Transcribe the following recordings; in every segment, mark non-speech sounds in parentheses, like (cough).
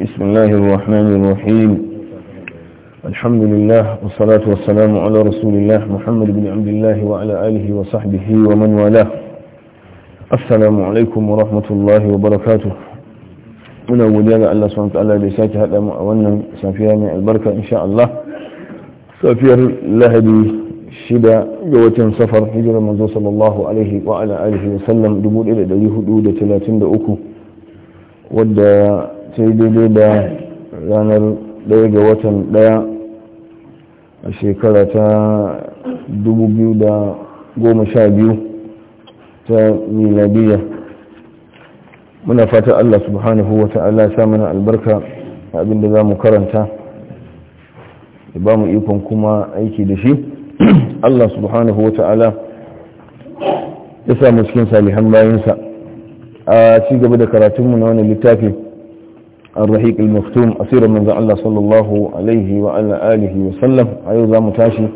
بسم الله الرحمن الرحيم الحمد لله والصلاة والسلام على رسول الله محمد بن عبد الله وعلى آله وصحبه ومن والاه السلام عليكم ورحمة الله وبركاته muna godiya Allah subhanahu ta'ala da sake hada mu a wannan safiya mai albarka insha Allah safiyar Lahadi shida ga watan safar hijirar manzo sallallahu alaihi wa ala da wa da uku. wadda ta yi daidai da ranar ɗaya ga watan ɗaya a shekara ta 2012 ta miladiya muna fata Allah subhanahu wa ta'ala sa mana albarka abinda za mu karanta da ba mu ikon kuma aiki da shi Allah subhanahu wa ta'ala ya samu cikin salihan bayansa a ci gaba da karatunmu na wani littafin al-rahiq al-maktum asirin manzon Allah sallallahu alaihi wa ala wa sallam a yau zamu tashi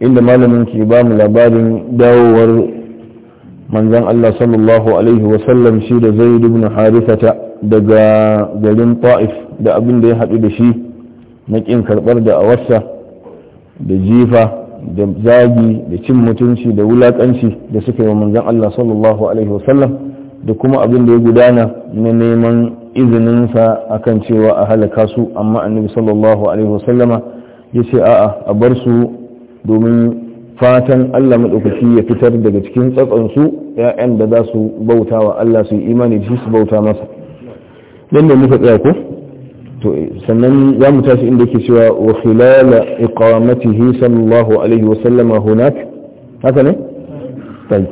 inda malamin ke bamu labarin dawowar manzon Allah sallallahu alaihi wa sallam shi da Zaid ibn daga garin Ta'if da abin da ya hadu da shi maƙin karɓar karbar da awassa da jifa da zagi da cin mutunci da wulakanci da suka yi wa manzon Allah sallallahu alaihi wa sallam da kuma abin da ya gudana na neman izininsa akan cewa a halaka su amma annabi sallallahu alaihi wasallama ya ce a'a a bar su domin fatan Allah maɗaukaki ya fitar daga cikin tsakansu ‘ya'yan da za su bauta wa Allah su yi imani da shi su bauta masa don da muka tsaya ko to sannan za mu tashi inda ke cewa wa khilala iqamatihi sallallahu alaihi wasallama hunak haka ne? tayi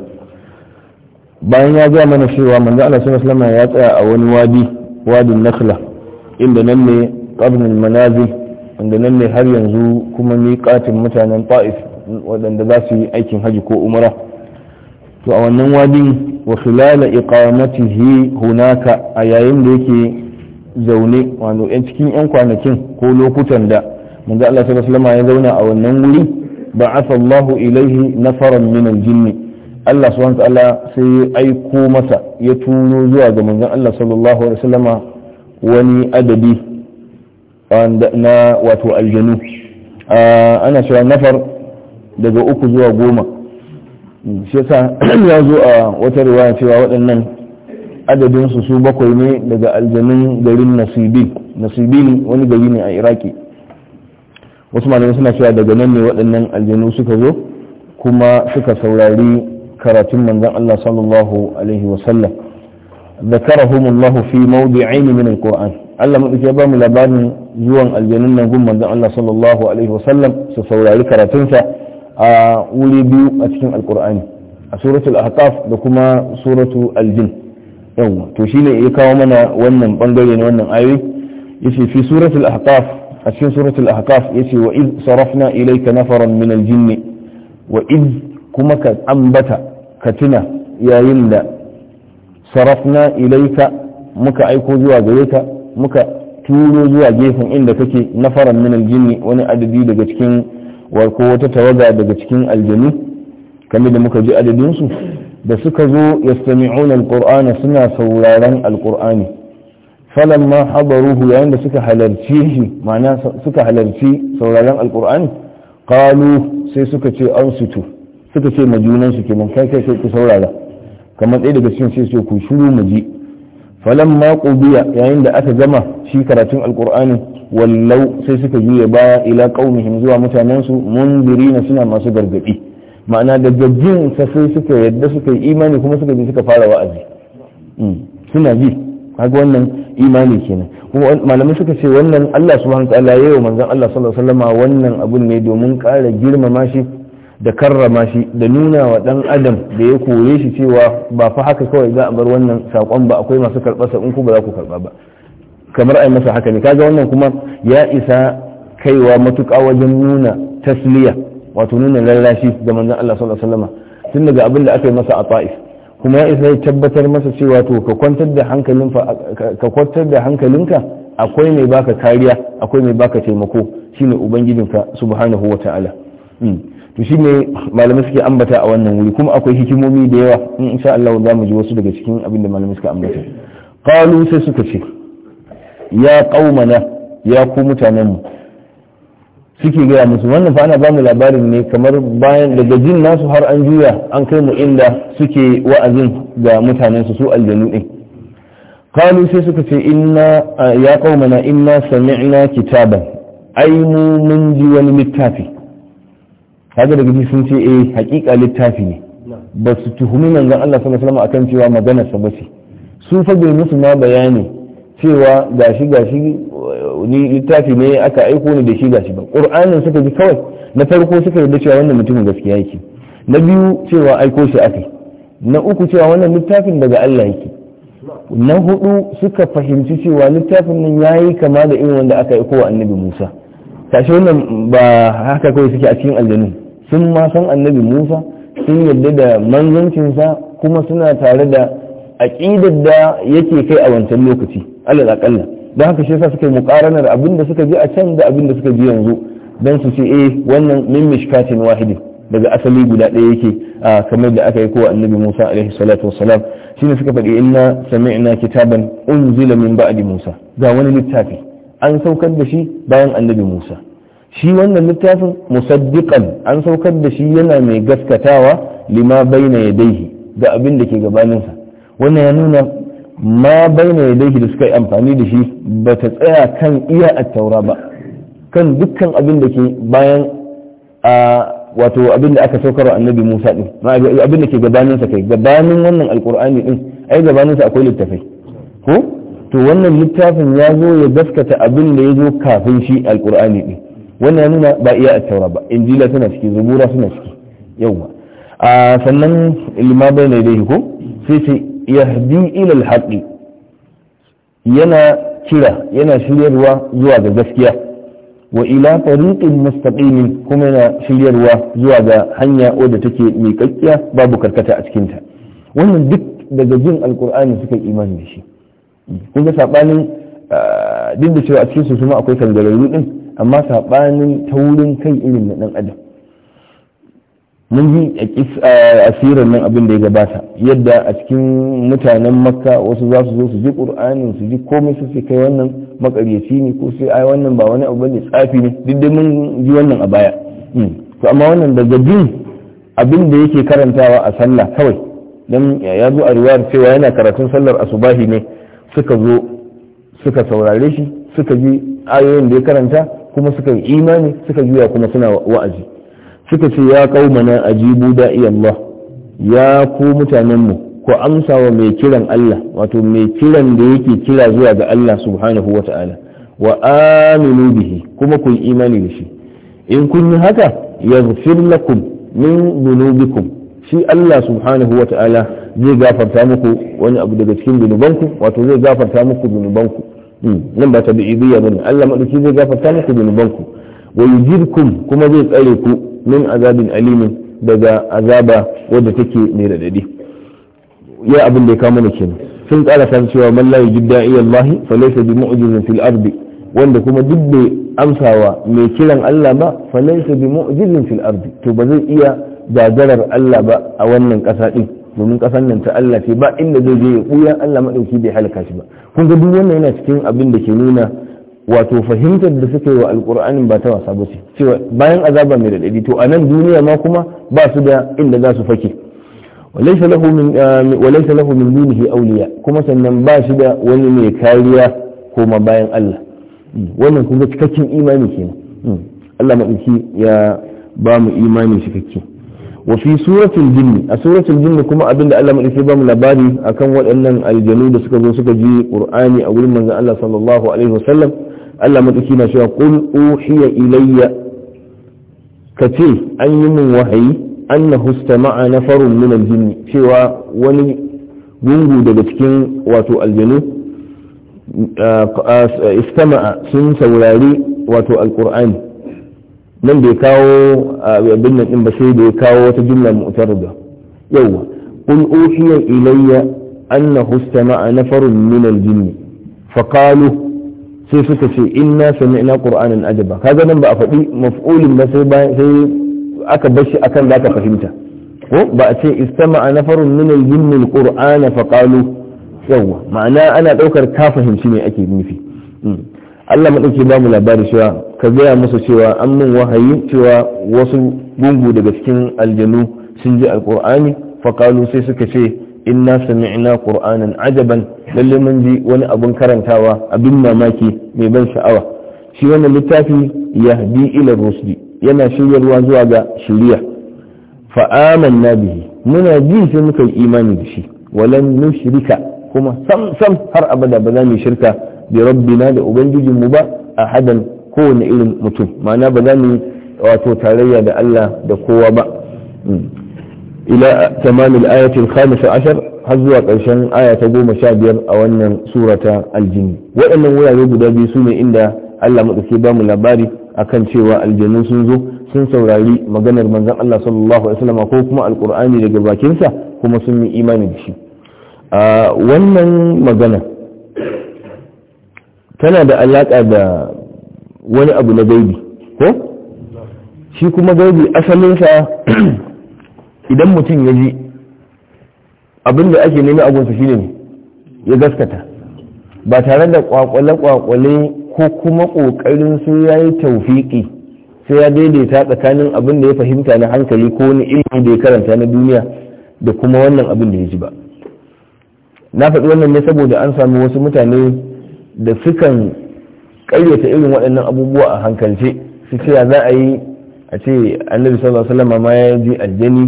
bayan ya ga mana cewa manzo Allah sallallahu alaihi ya tsaya a wani wadi wadin nakhla inda nan ne qabrin manazil inda nan ne har yanzu kuma katin mutanen Ta'if waɗanda za su yi aikin haji ko umara to a wannan wadin wa khilala iqamatihi hunaka a yayin da yake zaune wato yan cikin yan kwanakin ko lokutan da manzo Allah sallallahu alaihi ya zauna a wannan wuri ba'atha Allahu ilaihi nafaran min al-jinni Allah subhanahu ta'ala sai ya aiko masa ya turo zuwa ga manzon Allah sallallahu alaihi wasallama wani adadi na wato aljanu ana cewa nafar daga uku zuwa goma shi yasa ya zo a wata riwaya cewa waɗannan adadinsu su bakwai ne daga aljanun garin nasibi nasibi ne wani gari ne a iraki wasu malamai suna cewa daga nan ne waɗannan aljanu suka zo kuma suka saurari karatun manzon Allah sallallahu alaihi wasallam zakarahumullahu fi mawdi'ain min alquran Allah mu ya ba labarin zuwan aljanun nan gun manzon Allah sallallahu alaihi wasallam su saurari karatunsa a wuri biyu a cikin alqur'ani a suratul ahqaf da kuma suratul aljin yawa to shine ya kawo mana wannan bangare ne wannan ayoyi yace fi suratul ahqaf a cikin suratul ahqaf yace wa id sarafna na nafaran min aljinni wa kuma ka ambata ka tuna yayin da sarafna ilaika muka aiko zuwa gare ka muka turo zuwa gefen inda kake nafaran min aljinni wani adadi daga cikin warko wata tawaga daga cikin aljanu kamar da muka ji adadin su da suka zo yastami'una alqur'ana suna sauraron alqur'ani falamma hadaruhu yayin da suka halarci shi ma'ana suka halarci sauraron alqur'ani qalu sai suka ce ansitu suka ce ma junan su kenan kai kai kai ku saurara kamar ɗaya daga cikin sai su ku shiru mu ji falan ma qubiya yayin da aka gama shi karatun alqur'ani wallau sai suka juya baya ila qaumihim zuwa mutanen su mundirina suna masu gargadi ma'ana da gajin sa sai suka yadda suka yi imani kuma suka bi suka fara wa'azi hmm, suna ji kaga wannan imani kenan kuma malamai suka ce wannan Allah subhanahu wa ta'ala yayin manzon Allah sallallahu alaihi wasallam wannan abun ne domin ƙara girmama shi da karrama shi da nuna wa dan adam da ya kore shi cewa ba fa haka kawai za a bar wannan saƙon ba akwai masu karɓa in ku ba za ku karɓa ba kamar ai masa haka ne kaga wannan kuma ya isa kaiwa matuƙa wajen nuna tasliya wato nuna lallashi ga manzon Allah sallallahu alaihi wasallam tun daga abin da aka yi masa a ta'if kuma ya isa ya tabbatar masa cewa to ka kwantar da ka kwantar da hankalinka akwai mai baka kariya akwai mai baka taimako shine ubangijinka subhanahu wata'ala hmm. to shi ne malamai suke ambata a wannan wuri kuma akwai hikimomi da yawa in insha Allah za mu ji wasu daga cikin abin da malamai suka ambata qalu sai suka ce ya qaumana ya ku mutanen mu suke gaya musu wannan fa ana ba mu labarin ne kamar bayan daga jin nasu har an juya an kai mu inda suke wa'azin ga mutanen su su aljanu din qalu sai suka ce inna ya qaumana inna sami'na kitaban ai mu mun ji wani littafi kaga da gidi sun ce eh hakika littafi ne ba su tuhumi manzon Allah sallallahu alaihi wasallam akan cewa magana sa bace su fa bai musu ma bayani cewa gashi gashi ni littafi ne aka aiko ni da shi gashi ba qur'anin suka ji kawai na farko suka yarda cewa wannan mutumin gaskiya yake na biyu cewa aiko shi akai na uku cewa wannan littafin daga Allah yake na hudu suka fahimci cewa littafin nan yayi kama da irin wanda aka aiko wa annabi Musa tashi wannan ba haka kawai suke a cikin aljanu sun ma san annabi musa sun yadda da manzancinsa kuma suna tare da aƙidar da yake kai a wancan lokaci alal aƙalla don haka shi yasa suka yi muƙaranar abin da suka ji a can da abin da suka ji yanzu don su ce eh wannan min mishkatin wahidi daga asali guda ɗaya yake kamar da aka yi ko annabi Musa alaihi salatu wassalam shine suka faɗi inna sami'na kitaban unzila min ba'di Musa ga wani littafi an saukar da shi bayan annabi Musa shi wannan littafin musaddiqan an saukar da shi yana mai gaskatawa lima baina daihi ga abin da ke gabaninsa wannan ya nuna ma baina daihi da suka yi amfani da shi ba ta tsaya kan iya a taura ba kan dukkan abin da ke bayan a wato abin da aka saukarwa annabi Musa din abin da ke gabaninsa kai gabanin wannan alkur'ani din ai gabaninsa akwai littafai ko to wannan littafin ya zo ya gaskata abin da ya zo kafin shi alkur'ani din wannan ya nuna ba iya attaura ba injila suna ciki zubura suna ciki yawwa a sannan limabai ne dai ko sai ce yahdi ilal alhaqi yana kira yana shiryarwa zuwa ga gaskiya wa ila tariqin mustaqimin kuma yana shiryarwa zuwa ga hanya wadda take miƙaƙƙiya babu karkata a cikinta wannan duk daga jin alkur'ani suka imani da shi kun ga duk da cewa a cikin su kuma akwai kangararru din amma saɓanin taurin kai irin na ɗan adam mun ji asirin nan abin da ya gabata yadda a cikin mutanen makka wasu za su zo su ji ƙur'anin su ji komai su sai kai wannan makaryaci ne ko sai ai wannan ba wani abu ne tsafi ne duk da mun ji wannan a baya hmm. to amma wannan daga jin abin da yake karantawa a sallah kawai dan ya zo a riwayar cewa yana karatun sallar asubahi ne suka zo suka saurare shi suka ji ayoyin da ya karanta kuma suka yi imani suka juya kuma suna wa'azi suka ce ya kaumana ajibu da Allah ya ku mutanen mu ku amsa wa mai kiran Allah wato mai kiran da yake kira zuwa ga Allah subhanahu wata'ala wa aminu bihi kuma ku yi imani da shi in kun yi haka yaghfir lakum min dhunubikum shi Allah subhanahu ta'ala zai gafarta muku wani abu daga cikin zunubanku wato zai gafarta muku zunubanku Mm. nan ba ta bi ibiya bane Allah madaki zai gafarta muku zunubanku wa yujirkum kuma zai tsare ku min azabin alimin daga azaba wadda take mai radadi ya abin da ya kawo mana kenan sun kara san cewa man la yujib da'i Allah fa laysa bi mu'jizin fil ardi wanda kuma duk bai amsawa mai kiran Allah ba fa laysa bi mu'jizin fil ardi to ba zai iya gagarar Allah ba a wannan kasa din domin kasan nan ta Allah ce ba inda zai je ya buya Allah madauki bai halaka shi ba kun ga duk wannan yana cikin abin da ke nuna wato fahimtar da suka yi wa alkur'anin ba ta wasa ba ce cewa bayan azaba mai daɗaɗi to a nan duniya ma kuma ba su da inda za su fake walaisa ah, lahu min dunihi auliya kuma sannan ba shi da wani mai kariya ma bayan Allah hmm. wannan ga cikakken imani kenan hmm. Allah maɗauki ya ba mu imani cikakke wa fi suratul jinn a suratul jini kuma abinda Allah bamu ba mu labari akan waɗannan aljanu da suka zo suka ji qur'ani a gurin manzon Allah sallallahu alaihi wasallam Allah madaki na cewa qul uhiya ilayya kace an yi min wahayi annahu istama'a nafarun min jini cewa wani gungu daga cikin wato aljanu istama'a sun saurari wato alqur'ani nan bai kawo abin nan din ba sai bai kawo wata jumla da. yawa qul uhiya ilayya annahu istama'a nafarun min al-jinn fa sai suka ce inna ina qur'anan ajaba kaga nan ba a faɗi maf'ulin ba sai aka bashi akan akan zaka fahimta ko ba a ce istama'a nafarun min al-jinn al-qur'ana fa yawa ma'ana ana ɗaukar ka fahimci ne ake nufi hmm. Allah maɗauki ba mu labari cewa ka gaya musu cewa an min wahayi cewa wasu gungu daga cikin aljanu sun ji alƙur'ani faƙalu sai suka ce inna sami'na qur'anan ajaban lalle mun ji wani abun karantawa abin mamaki mai ban sha'awa shi wannan littafi yahdi ila rusdi yana shiryarwa zuwa ga shiriya fa amanna bihi muna ji sai muka yi imani da shi walan nushrika kuma sam sam har abada ba za mu shirka bi rabbina da mu ba a hadan kowane irin mutum ma'ana ba za mu wato tarayya da Allah da kowa ba hmm. ila tamamil ayatin khamisa ashar har zuwa ƙarshen aya ta goma sha biyar a wannan surata aljini waɗannan wurare guda biyu su ne inda Allah maɗauki ba mu labari akan cewa aljanu sun zo sun saurari maganar manzon Allah sallallahu alaihi wasallam ko kuma alqur'ani daga bakinsa kuma sun yi imani da shi a ah, wannan magana tana da alaƙa da wani abu na gaibi ko shi kuma gaibi asalinsa (clears throat) idan mutum ya ji abin da ake nemi abunsa shine ne ya gaskata ba tare da kwakwale-kwakwale ko kuma ƙoƙarin su ya yi taufiki sai ya daidaita tsakanin abin da ya fahimta na hankali ko wani ilimi da ya karanta na duniya da kuma wannan abin da ya ji ba na faɗi wannan ne saboda an sami wasu mutane da sukan kayyata irin waɗannan abubuwa a hankalce su ce za a yi a ce annabi sallallahu alaihi wasallam ma ya ji aljani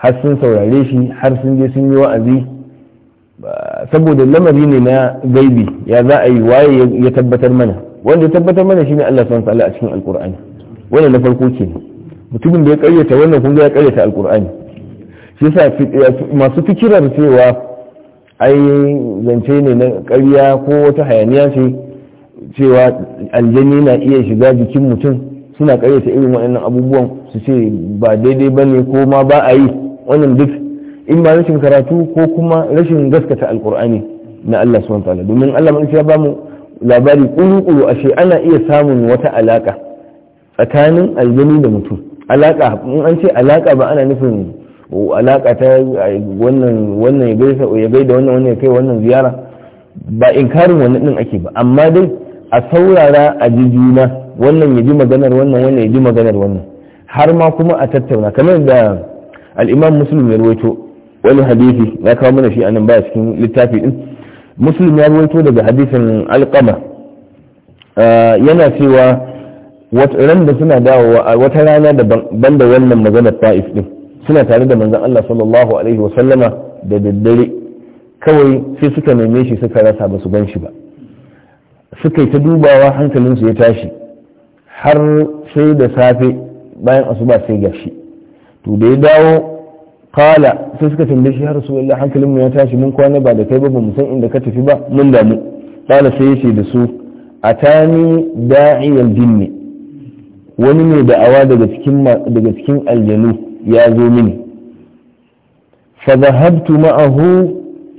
har sun saurare shi har sun je sun yi wa'azi saboda lamari ne na gaibi ya za a yi waye ya tabbatar mana wanda ya tabbatar mana shine Allah subhanahu ta'ala a cikin alqur'ani wannan na farko ke mutumin da ya kayyata wannan kun ga ya kayyata alqur'ani shi yasa masu fikirar cewa ai zance ne na ƙarya ko wata hayaniya ce cewa aljani na iya shiga jikin mutum suna ƙaryata irin waɗannan abubuwan su ce ba daidai ba ne ko ma ba a yi wannan duk in ba rashin karatu ko kuma rashin gaskata alkur'ani na Allah a wataala domin Allah mai ya ba mu labari kuru-kuru ashe ana iya samun wata alaƙa tsakanin aljani da mutum alaƙa in an ce alaka ba ana nufin alaka ta wannan wannan ya gaisa ya gaida wannan wannan ya kai wannan ziyara ba inkarin wannan din ake ba amma dai a saurara a ji juna wannan ya ji maganar wannan wannan ya ji maganar wannan har ma kuma a tattauna kamar da al-Imam Muslim ya rawaito wani hadisi na kawo mana shi anan ba cikin littafi din Muslim ya rawaito daga hadisin Alqama yana cewa wata ran da suna dawowa wata rana daban banda wannan maganar Taif din suna tare da manzan Allah sallallahu alaihi wa da daddare kawai sai suka neme shi suka rasa ba su gan shi ba suka yi ta dubawa hankalinsu ya tashi har sai da safe bayan asuba sai gashi to da ya dawo kala sai suka tambaye shi har su hankalin mu ya tashi mun kwana ba da kai ba mu san inda ka tafi ba mun damu kala sai ya ce da su atani da'iyan jinni wani ne da'awa daga cikin aljanu ya zo mini fa zahabtu ma'ahu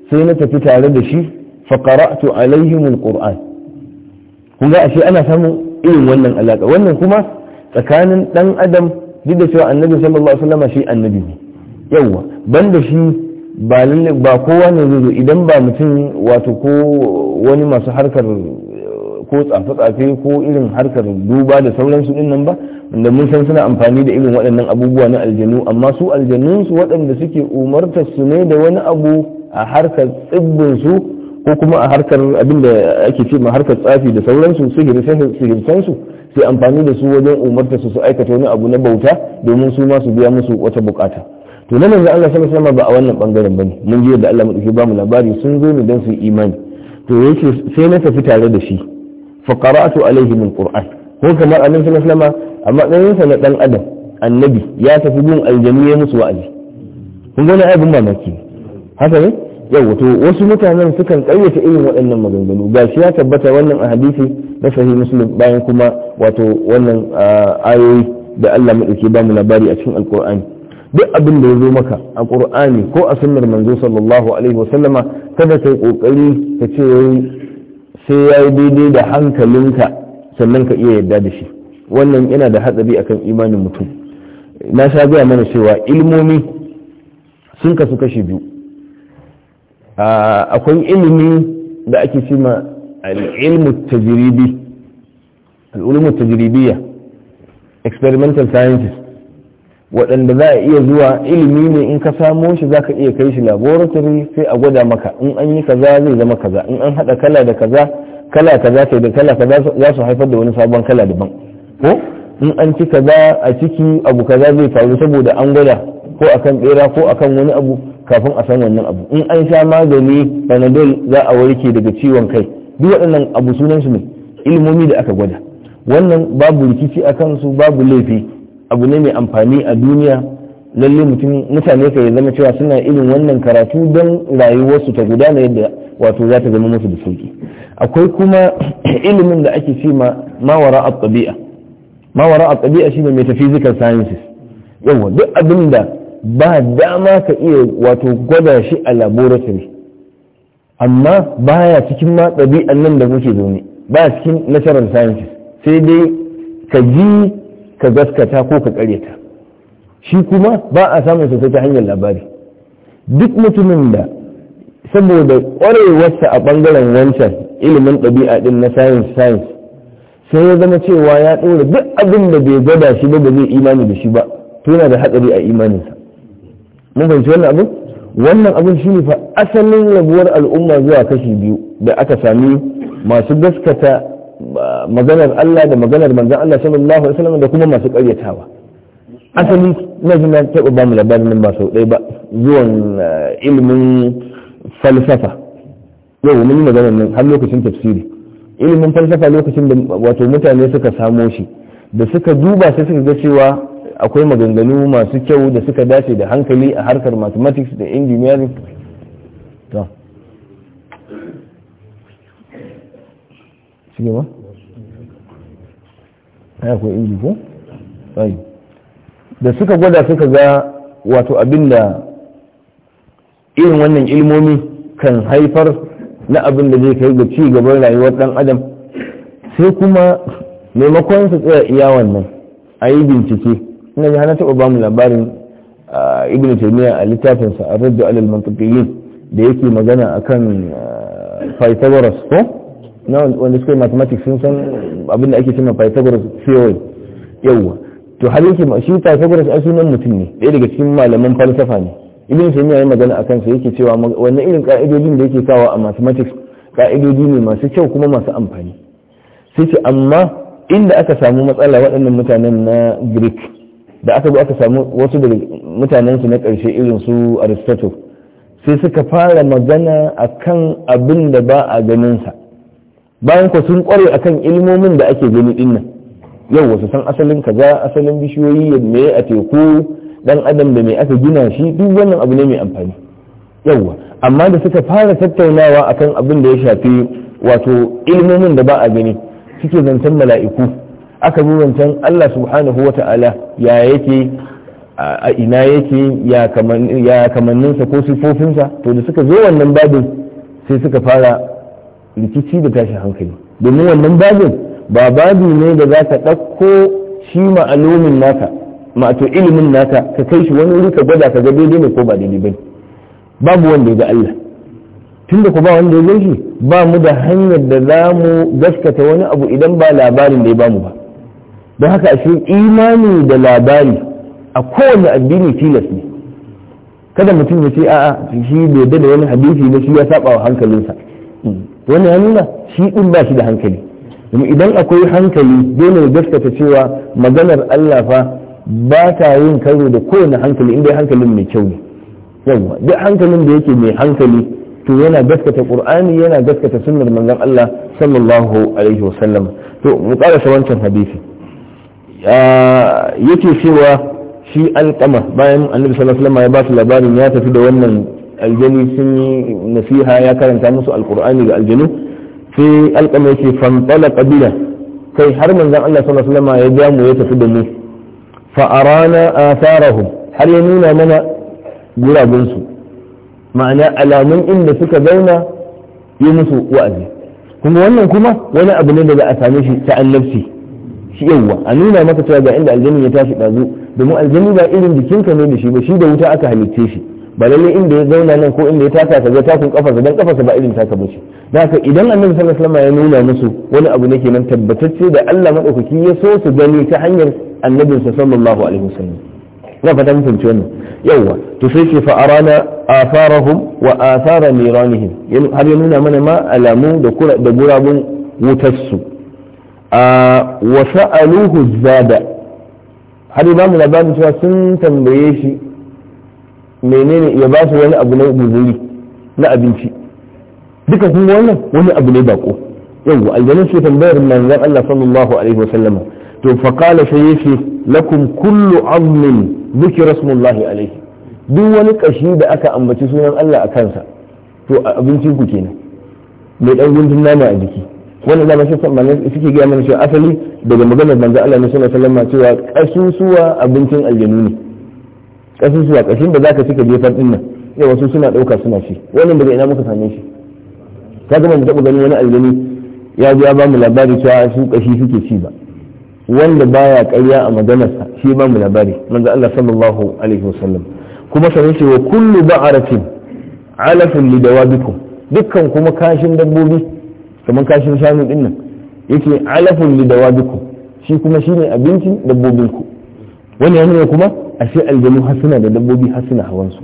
sai na tafi tare da shi fa qara'tu alaihim kun ga ashe ana samun irin wannan alaka wannan kuma tsakanin dan adam duk da cewa annabi sallallahu alaihi wasallam shi annabi ne yawa banda shi ba ba kowa ne zai zo idan ba mutum wato ko wani masu harkar ko tsafe-tsafe ko irin harkar duba da sauransu din nan ba inda mun san suna amfani da irin waɗannan abubuwa na aljanu amma su aljanun su waɗanda suke umartar su ne da wani abu a harkar tsibbin su ko kuma a harkar abin da ake ce ma harkar tsafi da sauransu sihirsan su sai amfani da su wajen umartar su su aikata wani abu na bauta domin su ma su biya musu wata bukata to na manzo Allah sallallahu alaihi ba a wannan bangaren bane mun ji da Allah madauki bamu labari sun zo ne dan su imani to yace sai na tafi tare da shi fa qara'atu alaihim alquran ko kamar annabi sallallahu alaihi wasallam a matsayinsa na dan adam annabi ya tafi gun aljanu ya musu wa'azi kun gani abin mamaki haka ne yau to wasu mutanen sukan kayyata irin waɗannan maganganu gashi shi ya tabbata wannan a hadisi na sahih muslim bayan kuma wato wannan ayoyi da Allah madauke ba mu labari a cikin alqur'ani duk abin da ya zo maka a qur'ani ko a sunnar manzo sallallahu alaihi wasallama kada kai kokari ka ce sai yayi daidai da hankalinka sannan ka iya yarda da shi wannan yana da hatsari akan imanin mutum na sha gaya mana cewa ilmomi sun kasu kashi biyu akwai ilimi da ake ma al'ilmu tajiribi al'ulmu tajiribiya experimental sciences waɗanda za a iya zuwa ilimi ne in ka samo shi za ka iya kai shi laboratory sai a gwada maka in an yi kaza zai zama kaza in an haɗa kala da kaza kala ka kaza yi da kala kaza za su haifar da wani sabon kala daban ko in an ci kaza a ciki abu kaza zai faru saboda an gwada ko akan bera ko akan wani abu kafin a san wannan abu in an sha magani panadol za a warke daga ciwon kai duk waɗannan abu sunan su ne ilmomi da aka gwada wannan babu rikici akan su babu laifi abu ne mai amfani a duniya lalle mutum mutane ka zama cewa suna irin wannan karatu don rayuwarsu ta gudana yadda wato za ta zama musu da sauki akwai kuma (clears throat) ilimin da ake ce ma mawara a tabi'a mawara a tabi'a shine metaphysical sciences yawa duk abin da ba dama ka iya wato gwada shi a laboratory amma baya cikin ma ɗabi'an nan da muke zaune baya cikin natural sciences sai dai ka ji ka gaskata ko ka karyata. shi kuma ba a samun sosai ta hanyar labari duk mutumin da saboda kwarewarsa a ɓangaren wancan ilimin ɗabi'a ɗin na science science sai ya zama cewa ya ɗora duk abin da bai gwada shi ba ba zai imani da shi ba to yana da hatsari a imaninsa mun fahimci wannan abin wannan abin shine fa asalin rabuwar al'umma zuwa kashi biyu da aka sami masu gaskata maganar Allah da maganar manzon Allah sallallahu alaihi wasallam da kuma masu ƙaryatawa asali na zina taɓa ba mu labarin nan ba sau ɗaya ba zuwan eh, ilimin falsafa yau mun yi magana nan har lokacin tafsiri ilimin falsafa lokacin da wato mutane suka samo shi da suka duba sai suka ga cewa akwai maganganu masu kyau da suka dace da hankali a harkar mathematics da engineering to shi ba? ko? da suka gwada suka ga wato abinda irin wannan ilmomi kan haifar na abin da zai kai ga ci gaban rayuwar dan adam sai kuma maimakon su tsaya iya wannan a yi bincike ina ji hana taɓa ba mu labarin ibn taymiya a littafinsa a rajo alal mantiqiyin da yake magana akan pythagoras ko na wanda suka yi mathematics sun san abin da ake cewa pythagoras theory yawwa to har shi shi a sunan mutum ne ɗaya daga cikin malaman falsafa ne ibn taymiya ya magana akan sa yake cewa wannan irin ka'idodin da yake kawo a mathematics ka'idodi ne masu kyau kuma masu amfani sai ce amma inda aka samu matsala waɗannan mutanen na Greek da aka zo aka samu wasu daga mutanen su na ƙarshe irin su Aristotle sai suka fara magana akan abin da ba a ganin sa bayan ko sun kware akan ilmomin da ake gani dinnan yau wasu san asalin kaza asalin bishiyoyi me a teku dan adam da me aka gina shi duk wannan abu ne mai amfani yauwa amma da suka fara tattaunawa akan abin da ya shafi wato ilmomin da ba a gani suke zancen mala'iku aka bi zancen Allah subhanahu wa ta'ala ya yake a ina yake ya kamanninsa ko sifofinsa to da suka zo wannan babin sai suka fara rikici da tashin hankali domin wannan babin ba babu ne da za ka ɗauko shi ma'alumin naka ma'ato ilimin naka ka kai shi wani wuri ka gwada ka ga daidai ne ko ba daidai ba babu wanda ya ga Allah tunda ku ba wanda ya gan shi ba mu da hanyar da za mu gaskata wani abu idan ba labarin da ya bamu ba don haka ashe imani da labari a kowane addini tilas ne kada mutum ya ce a'a shi bai da wani hadisi na shi ya saba wa hankalinsa hmm. wani ya nuna shi din ba shi da hankali kuma idan akwai hankali dole ya gaskata cewa maganar Allah fa ba ta yin karo da kowane hankali inda hankalin mai kyau ne yawa duk hankalin da yake mai hankali to yana gaskata qur'ani yana gaskata sunnar manzon Allah sallallahu alaihi wasallam to mu karasa wancan hadisi yake cewa shi alqama bayan annabi sallallahu alaihi wasallam ya ba su labarin ya tafi da wannan aljani sun yi nasiha ya karanta musu alkur'ani ga aljanu sai alƙama yake fantsala ƙabila kai har manzon Allah sallallahu alaihi wasallam ya ja mu ya tafi da mu fa arana atharahum har ya nuna mana gurabun su ma'ana alamun inda suka zauna yi musu wa'azi kuma wannan kuma wani abu ne da za a same shi ta annabci shi yawwa a nuna maka cewa ga inda aljani ya tashi ɗazu domin aljani ba irin jikinka ne da shi ba shi da wuta aka halicce shi ba inda ya zauna nan ko inda ya taka ka ga takun kafarsa dan kafarsa ba irin taka bace dan haka idan annabi sallallahu alaihi wasallam ya nuna musu wani abu ne kenan tabbatacce da Allah madaukaki ya so su gani ta hanyar annabinsa sallallahu alaihi wasallam na fata mun fahimci wannan yawa to sai ce fa arana atharahum wa athara miranihim har ya nuna mana ma alamu da kura da gurabun wutarsu a wa sa'aluhu zada har ba mu labarin cewa sun tambaye shi menene ya ba su wani abu na guzuri na abinci duka kuma wannan wani abu ne bako yau aljanna ce tambayar manzon Allah sallallahu alaihi wasallam to fa qala sai lakum kullu azmin dhikra rasulullahi alaihi duk wani kashi da aka ambaci sunan Allah a kansa to abincin ku kenan mai dan guntun nama a jiki wannan zama shi sannan suke gaya mana cewa asali daga maganar manzon Allah ne sallallahu alaihi wasallam cewa kasusuwa abincin aljanu ne kasusuwa kashin da zaka cika jefan din nan sai wasu suna ɗauka suna shi wannan daga ina muka same shi ka ga mun taɓa ganin wani aljani ya ji ya ba mu labari cewa su kashi suke ci ba wanda baya ƙarya a maganarsa shi ba mu labari manzo Allah sallallahu alaihi wasallam kuma sanin shi wa kullu ba'aratin alafun li dawabikum dukkan kuma kashin dabbobi kamar kashin shanu din nan yake alafun li dawabikum shi kuma shine abincin dabbobinku wani ya nuna kuma ashe aljanu hasina da dabbobi hasina hawansu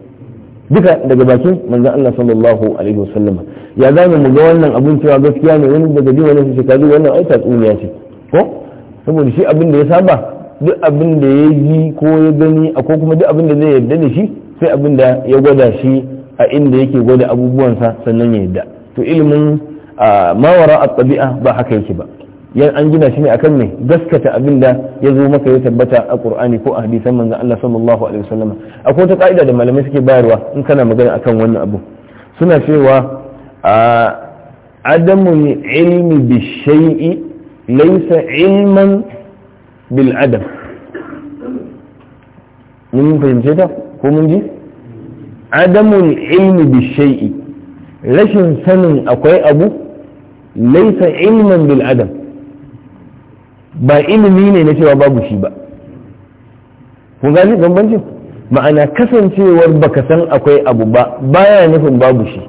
hawan duka daga bakin manzo Allah sallallahu alaihi wasallam ya zama mu ga wannan abun cewa gaskiya ne wani daga ji wani shi kaji wannan ai tatsuniya ce ko saboda shi abin da ya saba duk abin da ya ji ko ya gani ko kuma duk abin da zai yarda da shi sai abin da ya gwada shi a inda yake gwada abubuwansa sannan ya yarda to ilimin ma wara at-tabi'a ba haka yake ba yan an gina shi ne akan mai gaskata abin da ya zo maka ya tabbata a qur'ani ko a hadisan manzon Allah sallallahu alaihi wasallam akwai wata ka'ida da malamai suke bayarwa in kana magana akan wannan abu suna cewa a adamu ilmi bi shay'i laysa ilman bil adam mun fahimce ta ko mun ji adamun ilmi bi shay'i rashin sanin akwai abu laysa ilman bil adam ba ilimi ne na cewa babu shi ba kun gani bambancin ma'ana kasancewar baka san akwai abu ba baya nufin babu shi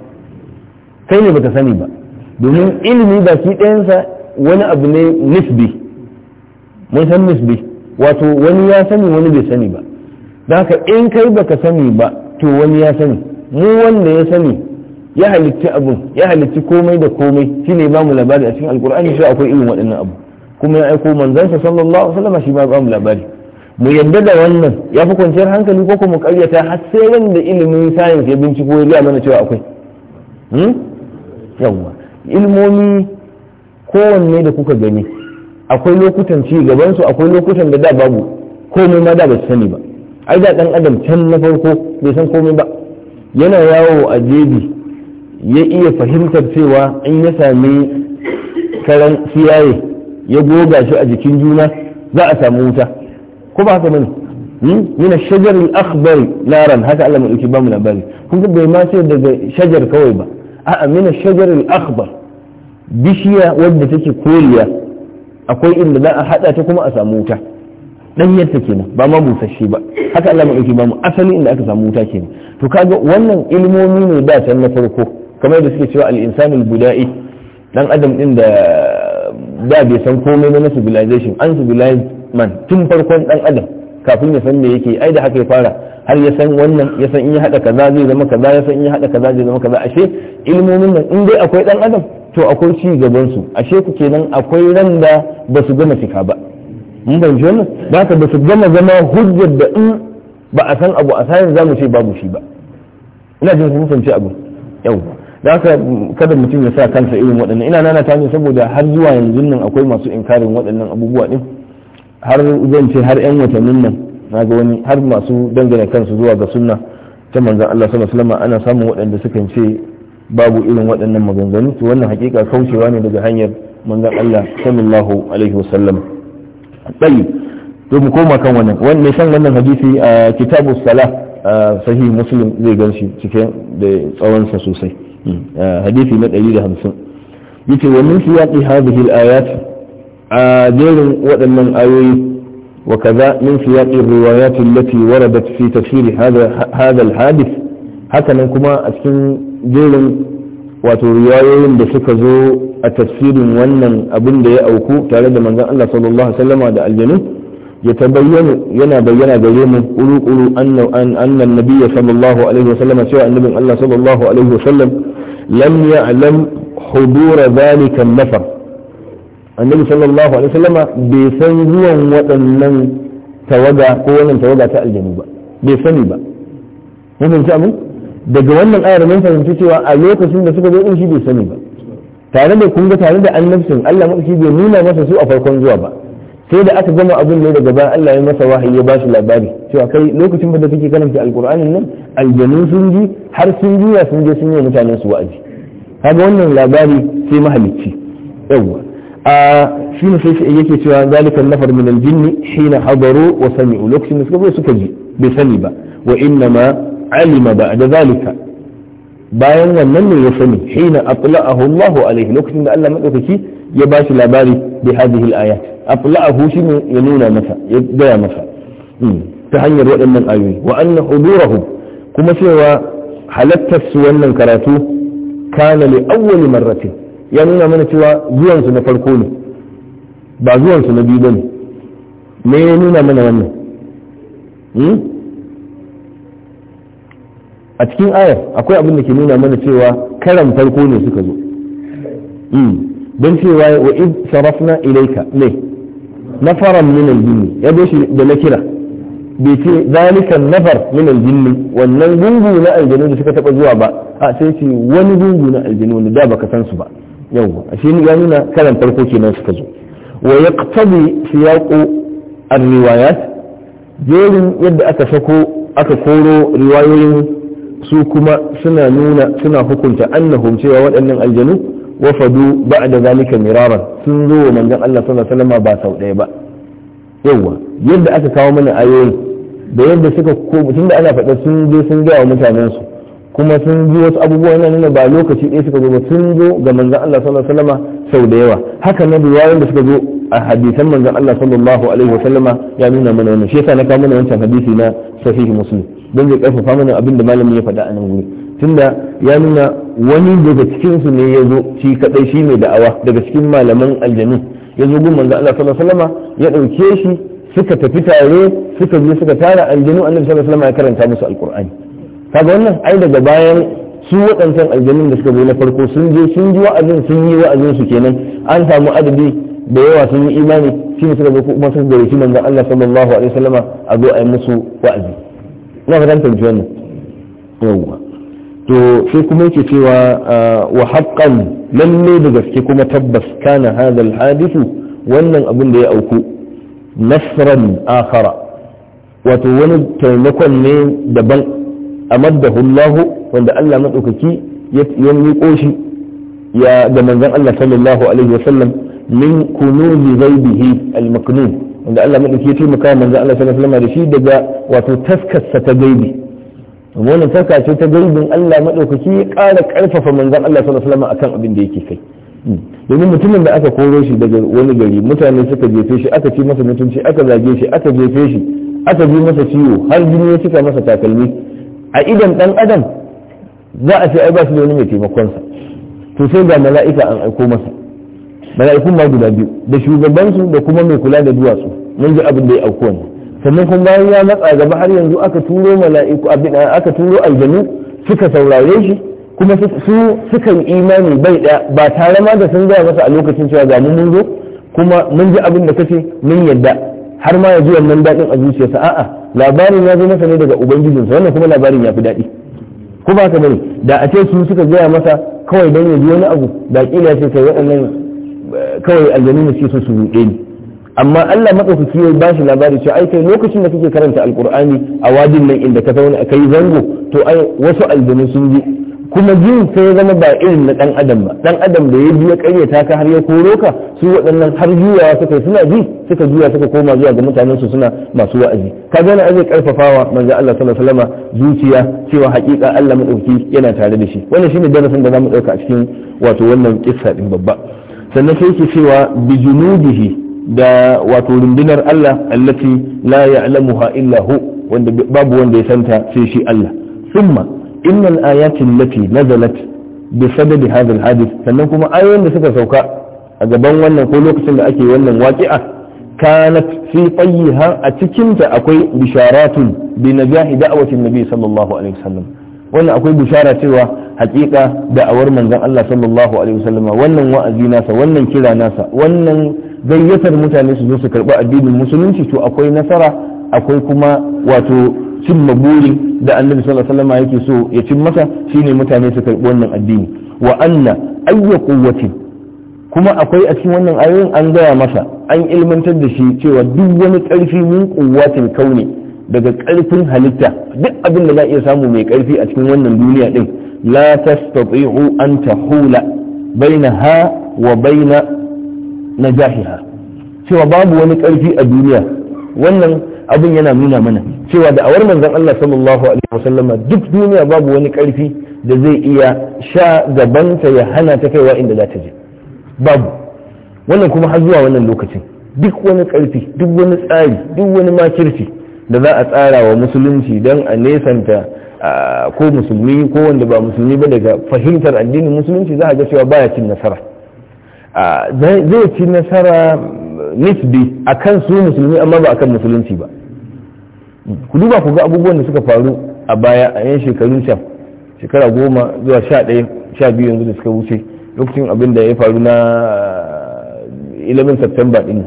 kai ne baka sani ba domin ilimi baki ɗayansa wani abu ne nisbi mun san nisbi wato wani ya sani wani bai sani ba da haka in kai baka sani ba to wani ya sani mu wanda ya sani ya halitti abun ya halitti komai da komai shine ba mu labari a cikin alkur'ani sai akwai irin waɗannan abu kuma ya aiko manzansa sallallahu alaihi wasallam shi ma ba mu labari mu yadda da wannan ya fi kwanciyar hankali ko kuma karyata har sai wanda ilimin science ya binciko ya mana cewa akwai hmm? yawwa ilmomi kowanne da kuka gani akwai lokutan ci gabansu akwai lokutan da da babu komai ma da ba su sani ba ai da dan adam can na farko bai san komai ba yana yawo a jeji ya iya fahimtar cewa in ya sami karan siyaye ya goga shi a jikin juna za a samu wuta ko ba haka bane hmm? min shajar akhbar naran haka Allah madauki ba mu labari kun ga bai ma sai daga shajar kawai ba a'a mina shajar al-akhbar bishiya wadda take koriya akwai inda za a hada ta kuma a samu wuta danyarta kenan ba ma busasshe ba haka Allah madauki ba mu asali inda aka samu wuta kenan to kaga wannan ilmomi ne da can na farko kamar da suke cewa al-insanu al-buda'i dan adam din da da bai san komai ba na civilization an civilize man tun farkon dan adam kafin ya san me yake ai da haka ya fara har ya san wannan ya san in ya hada kaza zai zama kaza ya san in ya hada kaza zai zama kaza ashe ilmomin nan in dai akwai dan adam to akwai ci gaban su ashe ku nan akwai ran da ba su gama cika ba mun ban ji wannan ba ka ba su gama zama hujjar da in ba a san abu a sayan za mu ce babu shi ba ina jin san ce abu yau da haka kada mutum ya sa kansa irin waɗannan ina nana ta ne saboda har zuwa yanzu nan akwai masu inkarin waɗannan abubuwa din har zan ce har yan watannin nan na ga wani har masu dangane kansu zuwa ga sunna ta manzan Allah sallallahu ana samun waɗanda suka ce babu irin waɗannan maganganu to wannan hakika kaucewa ne daga hanyar manzan Allah sallallahu alaihi wasallam tayyib to mu koma kan wannan wannan san wannan hadisi a kitabus salah sahih muslim zai ganshi cikin da tsawon sa sosai hadisi na 150 yace wa min siyaqi hadhihi al-ayat a jerin waɗannan ayoyi wa kaza وكذا من سياق الروايات التي وردت في تفسير هذا هذا الحادث haka nan kuma a cikin jerin wato riwayoyin da suka zo a tafsirin wannan abin da ya auku tare da manzon Allah sallallahu alaihi wasallam da aljanu ya tabayyana yana bayyana gare mu kuru kuru annan anna an-nabiy sallallahu alaihi wasallam cewa annabin Allah sallallahu alaihi wasallam lam ya'lam hudura zalika nafar annabi sallallahu alaihi wasallama bai san zuwan waɗannan tawaga ko wannan tawaga ta aljanu ba bai sani ba mun fahimci abu daga wannan ayar mun fahimci cewa a lokacin da suka zo din shi bai sani ba tare da kun tare da annabcin Allah madauki bai nuna masa su a farkon zuwa ba sai da aka gama abin ne daga bayan Allah ya masa wahayi ya shi labari cewa kai lokacin da kake karanta alkur'anin nan aljanu sun ji har sun juya sun je sun yi mutanen su wa'azi kaga wannan labari sai mahalicci yawwa a shi ne sai yake cewa zalikan nafar min aljinni hina hadaru wa sami'u lokacin da suka zo suka ji bai sani ba wa inna ma alima ba'da zalika bayan wannan ne ya sani hina atla'ahu Allah alaihi lokacin da Allah madaukaki ya bashi labari bi hadhihi al-ayat afla'ahu shi ne ya nuna masa ya gaya masa ta hanyar waɗannan ayoyi wa anna huduruhu kuma cewa halattar su wannan karatu kana li awwali marrati ya nuna mana cewa zuwan su na farko ne ba zuwan su na biyu bane me ya nuna mana wannan a cikin ayar akwai abin da ke nuna mana cewa karan farko ne suka zo don cewa wa id sarafna ilaika ne nafaran min aljinni ya shi da na kira bai ce zalika nafar min aljinni wannan gungu na aljanu da suka taɓa zuwa ba a sai ce wani gungu na aljanu ne da baka san su ba yau ashe ya nuna karan farko kenan suka zo wa yaqtadi siyaqu ar-riwayat jerin yadda aka sako aka koro riwayoyin su kuma suna nuna suna hukunta annahum cewa waɗannan aljanu wafadu ba da zalika miraran sun zo wa manzon Allah sallallahu alaihi wasallam ba sau ɗaya ba yawa yadda aka kawo mana ayoyi da yadda suka ko tunda ana faɗa sun je sun ga wa mutanen su kuma sun ji wasu abubuwa na nuna ba lokaci ɗaya suka zo ba sun zo ga manzon Allah sallallahu alaihi wasallama sau da yawa haka na riwayoyin da suka zo a hadisan manzon Allah sallallahu alaihi wasallama ya nuna mana wannan shi yasa na kawo mana wancan hadisi na sahihi muslim don zai karfafa mana abin da malamin ya faɗa a nan guri tunda ya nuna wani daga cikinsu ne ya zo shi kadai shi mai da'awa daga cikin malaman aljanu ya zo gun manzo Allah sallallahu alaihi wasallam ya dauke shi suka tafi tare suka je suka tara aljanu annabi sallallahu alaihi ya karanta musu alqur'ani kaga wannan ai daga bayan su waɗancan aljanun da suka zo na farko sun je sun ji wa'azin sun yi wa'azin su kenan an samu adadi da yawa sun yi imani shi ne suka zo kuma suka gare shi manzo Allah sallallahu alaihi wasallama a zo a yi musu wa'azi na fatan wannan yawwa to sai kuma yake cewa ah, wa haqqan lalle da gaske kuma tabbas kana hadal hadisu wannan abin da ya auku nasran akhara wato wani taimakon ne daban amaddahu Allah wanda Allah madaukaki ya miƙo shi ya da manzon Allah sallallahu alaihi wasallam min kunuzi ghaibihi al-maknun wanda Allah madaukaki ya taimaka manzon Allah sallallahu alaihi wasallam da shi daga wato taskarsa ta gaibi wannan tarka ce ta gaibin Allah madaukaki ya ƙara ƙarfafa manzon Allah sallallahu alaihi wasallam akan abin da yake kai hmm. domin mutumin da aka koro shi daga wani gari mutane suka jefe shi aka ci masa mutunci aka zage shi aka jefe shi aka ji masa ciwo har jini ya cika masa takalmi a idan dan adam za a ce ai ba shi da wani mai taimakonsa to sai ga mala'ika an aiko masa mala'ikun ma guda biyu da shugabansu da kuma mai kula da duwatsu mun ji abin da ya auku wannan sannan kuma bayan ya matsa gaba har yanzu aka turo mala'iku aka turo aljanu suka saurare shi kuma su sukan imani bai da ba tare ma da sun gaya masa a lokacin cewa ga mun zo kuma mun ji abin da kace mun yadda har ma ya ji wannan dadin a zuciyarsa a'a labarin ya zo masa ne daga sa wannan kuma labarin ya fi daɗi ko ba ka bane da a ce su suka gaya masa kawai dan ya ji wani abu da kila ya ce kai waɗannan eh, kawai aljanu ne suke su ruɗe ni amma Allah madaukaki ya ba shi labari cewa ai kai lokacin da kake karanta Alkur'ani a wadin nan inda ka zauna kai zango to ai wasu aljanu sun ji kuma jin sai ya zama ba irin na dan adam ba dan adam da ya ji ya karyata ka har ya koro ka su waɗannan har juyawa suka suna ji suka juya suka koma zuwa ga mutanen su suna masu wa'azi ka ga na azai karfafawa manzo Allah sallallahu alaihi zuciya cewa haƙiƙa Allah madauki yana tare da shi wannan shine darasin da zamu dauka a cikin wato wannan kissa din babba sannan sai yake cewa bijunudihi da wato rundunar Allah allati la ya'lamuha illa hu wanda babu wanda ya santa sai shi Allah thumma innal ayati allati nazalat bi sadadi hadha alhadith sannan kuma ayoyin da suka sauka a gaban wannan ko lokacin da ake wannan waqi'a kanat fi tayyiha a cikin ta akwai bisharatun bi najahi da'wati nabi sallallahu alaihi wasallam wannan akwai bishara cewa hakika da'awar manzon Allah sallallahu alaihi wasallam wannan wa'azi nasa wannan kira nasa wannan gayyatar mutane su zo su karɓi addinin musulunci to akwai nasara akwai kuma wato cimma burin da annabi sallallahu alaihi yake so ya cin masa shine mutane su karɓi wannan addini wa anna ayyu quwwatin kuma akwai a cikin wannan ayoyin an gaya masa an ilmantar da shi cewa duk wani ƙarfi min quwwatin kauni daga ƙarfin halitta duk abin da za iya samu mai ƙarfi a cikin wannan duniya din la tastati'u an tahula ha wa baina na jahiha cewa babu wani ƙarfi a duniya wannan abin yana nuna mana cewa da awar manzon Allah sallallahu alaihi wasallam duk duniya babu wani ƙarfi da zai iya sha gabanta ya hana ta kaiwa inda za ta je babu wannan kuma har zuwa wannan lokacin duk wani ƙarfi duk wani tsari duk wani makirci da za a tsara wa musulunci don a nesanta ko musulmi ko wanda ba musulmi ba daga fahimtar addinin musulunci za a ga cewa baya cin nasara zai ci nasara nisbi a kan su musulmi amma ba a kan musulunci ba ku duba ku ga abubuwan da suka faru a baya a yan shekarun can shekara goma zuwa sha ɗaya sha biyu yanzu da suka wuce lokacin abin da ya faru na 11 eh, september ɗin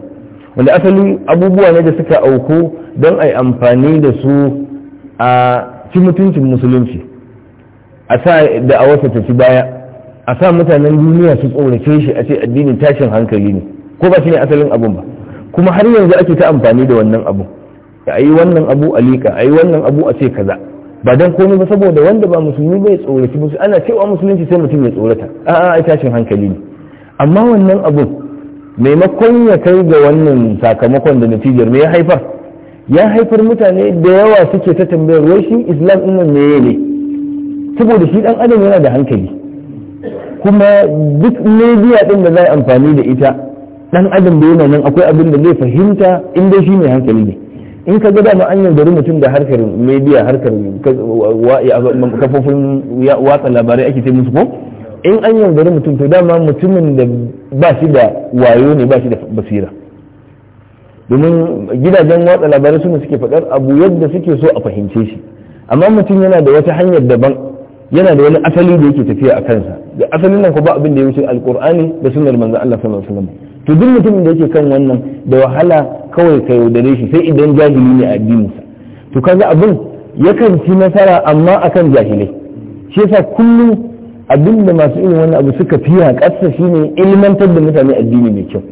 wanda asali abubuwa ne da suka auku don a yi amfani da su a ci mutuncin musulunci a sa da a wasa ci baya a sa mutanen duniya su tsorace shi a ce addinin tashin hankali ne ko ba shi ne asalin abun ba kuma har yanzu ake ta amfani da wannan abu a yi wannan abu a liƙa a yi wannan abu a ce kaza ba don komai ba saboda wanda ba musulmi bai tsoraci musu ana cewa musulunci sai mutum ya tsorata a ai tashin hankali ne amma wannan abun maimakon ya kai ga wannan sakamakon da natijar me ya haifar ya haifar mutane da yawa suke ta tambayar wai shi islam ɗin nan meye ne saboda shi ɗan adam yana da hankali kuma duk media din da zai amfani da ita dan adam da yana nan akwai abin da zai fahimta in dai shi mai hankali ne in ka ga dama an yaudari mutum da harkar media harkar kafofin watsa labarai ake ce musu ko in an yaudari mutum to dama mutumin da ba shi da wayo ne ba shi da basira domin gidajen watsa labarai suna suke faɗar abu yadda suke so a fahimce shi amma mutum yana da wata hanyar daban yana da wani asali da yake tafiya a kansa da asalin nan kuma ba abin da ya wuce alkur'ani da sunnar manzon Allah sallallahu alaihi wasallam to duk mutumin da yake kan wannan da wahala kawai ka yaudare shi sai idan jahili ne a addininsa to kaga abin yakan ci nasara amma akan jahilai shi yasa kullum abin da masu irin wannan abu suka fiya ƙasa shine ilmantar da mutane addini mai kyau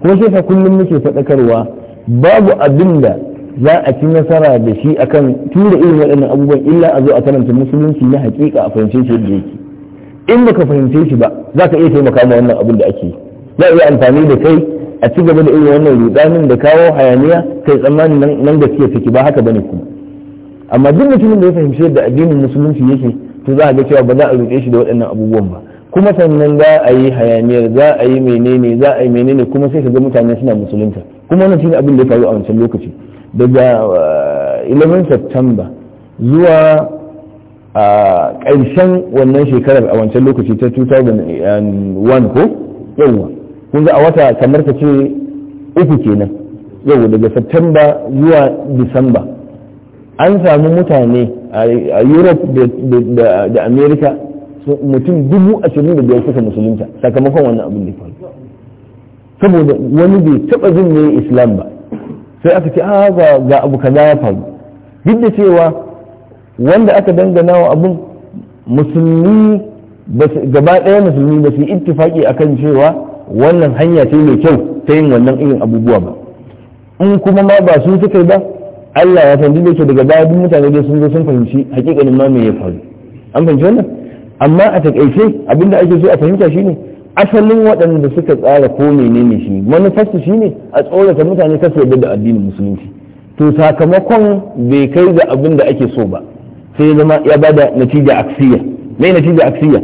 kuma shi yasa kullum muke faɗakarwa babu abin da za a ci nasara da shi akan tura irin waɗannan abubuwan illa a zo a karanta musulunci na hakika a fahimce shi yadda yake in baka fahimce shi ba za ka iya taimaka ma wannan abin da ake za a iya amfani da kai a ci gaba da irin wannan rudanin da kawo hayaniya kai tsammani nan gaskiya take ba haka bane kuma amma duk mutumin da ya fahimci yadda addinin musulunci yake to za a ga cewa ba za a ruɗe shi da waɗannan abubuwan ba kuma sannan za a yi hayaniyar za a yi menene za a yi menene kuma sai ka ga mutane suna musulunta kuma wannan shine abin da ya faru a wancan lokaci daga 11 eh, September zuwa a ah, ƙarshen wannan shekarar a wancan lokaci ta 2001 ko yawwa kun ga a wata kamar ta ce uku kenan yau daga September zuwa Disamba an samu mutane a Europe da America mutum dubu ashirin da biyar suka musulunta sakamakon wannan abin da faru saboda wani bai taba jin ne islam ba sai aka ce ah, a ga abu kaza ya faru duk da cewa wanda aka dangana wa abin musulmi gaba ɗaya musulmi ba su yi ittifaki akan cewa wannan hanya ce mai kyau ta yin wannan irin abubuwa ba in kuma ma ba su suka yi ba Allah ya san duk da daga baya duk mutane dai sun zo sun fahimci hakikanin ma me ya faru an fahimci wannan amma a takaice abinda ake so a fahimta shine asalin waɗanda suka tsara ko menene shi manufarsu shine a tsorata mutane kasu yadda da addinin musulunci to sakamakon bai kai ga abin da ake so ba sai ya zama ya bada natija aksiya mai natija aksiya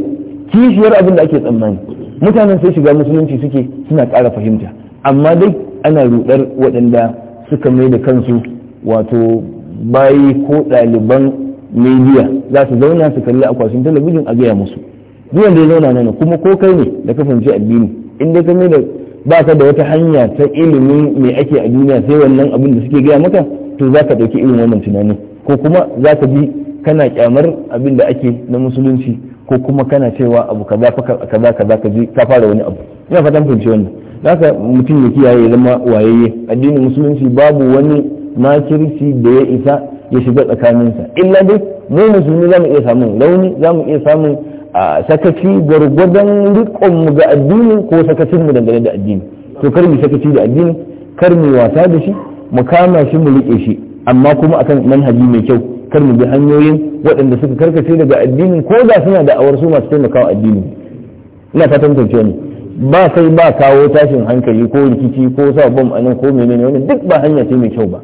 kishiyar abin da ake tsammani mutanen sai shiga musulunci suke suna ƙara fahimta amma dai ana rudar waɗanda suka mai da kansu wato bayi ko ɗaliban media za su zauna su kalli akwatin talabijin a gaya musu duk da ya zauna nan kuma ko kai ne da ka fahimci addini in dai ka mai da ba ka da wata hanya ta ilimi me ake a duniya sai wannan abin da suke gaya maka to za ka ɗauki irin wannan tunanin ko kuma za ka bi kana kyamar abin da ake na musulunci ko kuma kana cewa abu kaza kaza kaza ka ji ka fara wani abu ina fatan fahimci wannan ka mutum ya kiyaye zama wayayye addinin musulunci babu wani makirci da ya isa ya shiga tsakaninsa illa dai mu musulmi za mu iya samun rauni za mu iya samun sakaci gwargwadon riƙonmu ga addini ko sakacinmu dangane da addini to kar mu sakaci da addini kar mu wasa da shi mu kama shi mu riƙe shi amma kuma akan manhaji mai kyau kar mu bi hanyoyin waɗanda suka karkace daga addinin ko da suna da awar su masu taimakawa addini ina fatan tantance ne ba sai ba kawo tashin hankali ko rikici ko sa bom a nan ko menene wani duk ba hanya ce mai kyau ba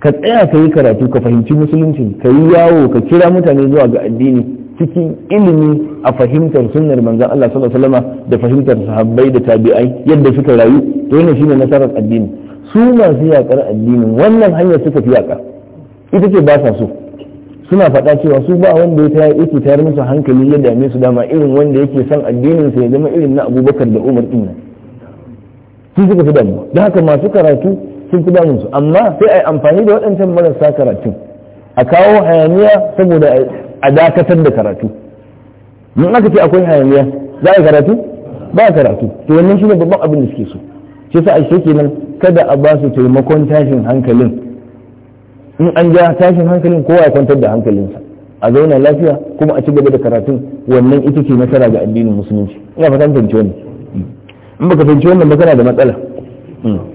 ka tsaya ka yi karatu ka fahimci musulunci ka yi yawo ka kira mutane zuwa ga addini cikin ilimi a fahimtar sunnar manzon Allah sallallahu alaihi wasallam da fahimtar sahabbai da tabi'ai yadda suka rayu to wannan shine nasarar addini su masu yakar addinin wannan hanyar suka fi yaka ita ce ba sa so suna faɗa cewa su ba wanda ya tayar yake tayar musu hankali ya dame su dama irin wanda yake son addinin sa ya zama irin na Abubakar da Umar din nan su suka fi damuwa Da haka masu karatu sun fi damun su amma sai a yi amfani da waɗancan marasa karatu a kawo hayaniya saboda a dakatar da karatu mun aka ce akwai hayaniya za a karatu ba karatu to wannan shine babban abin da suke so shi sa a kenan kada a ba su taimakon tashin hankalin in an ja tashin hankalin kowa ya kwantar da hankalinsa a zauna lafiya kuma a ci gaba da karatun wannan ita ce nasara ga addinin musulunci ina fatan fahimci wannan in baka fahimci wannan ba kana da matsala hmm.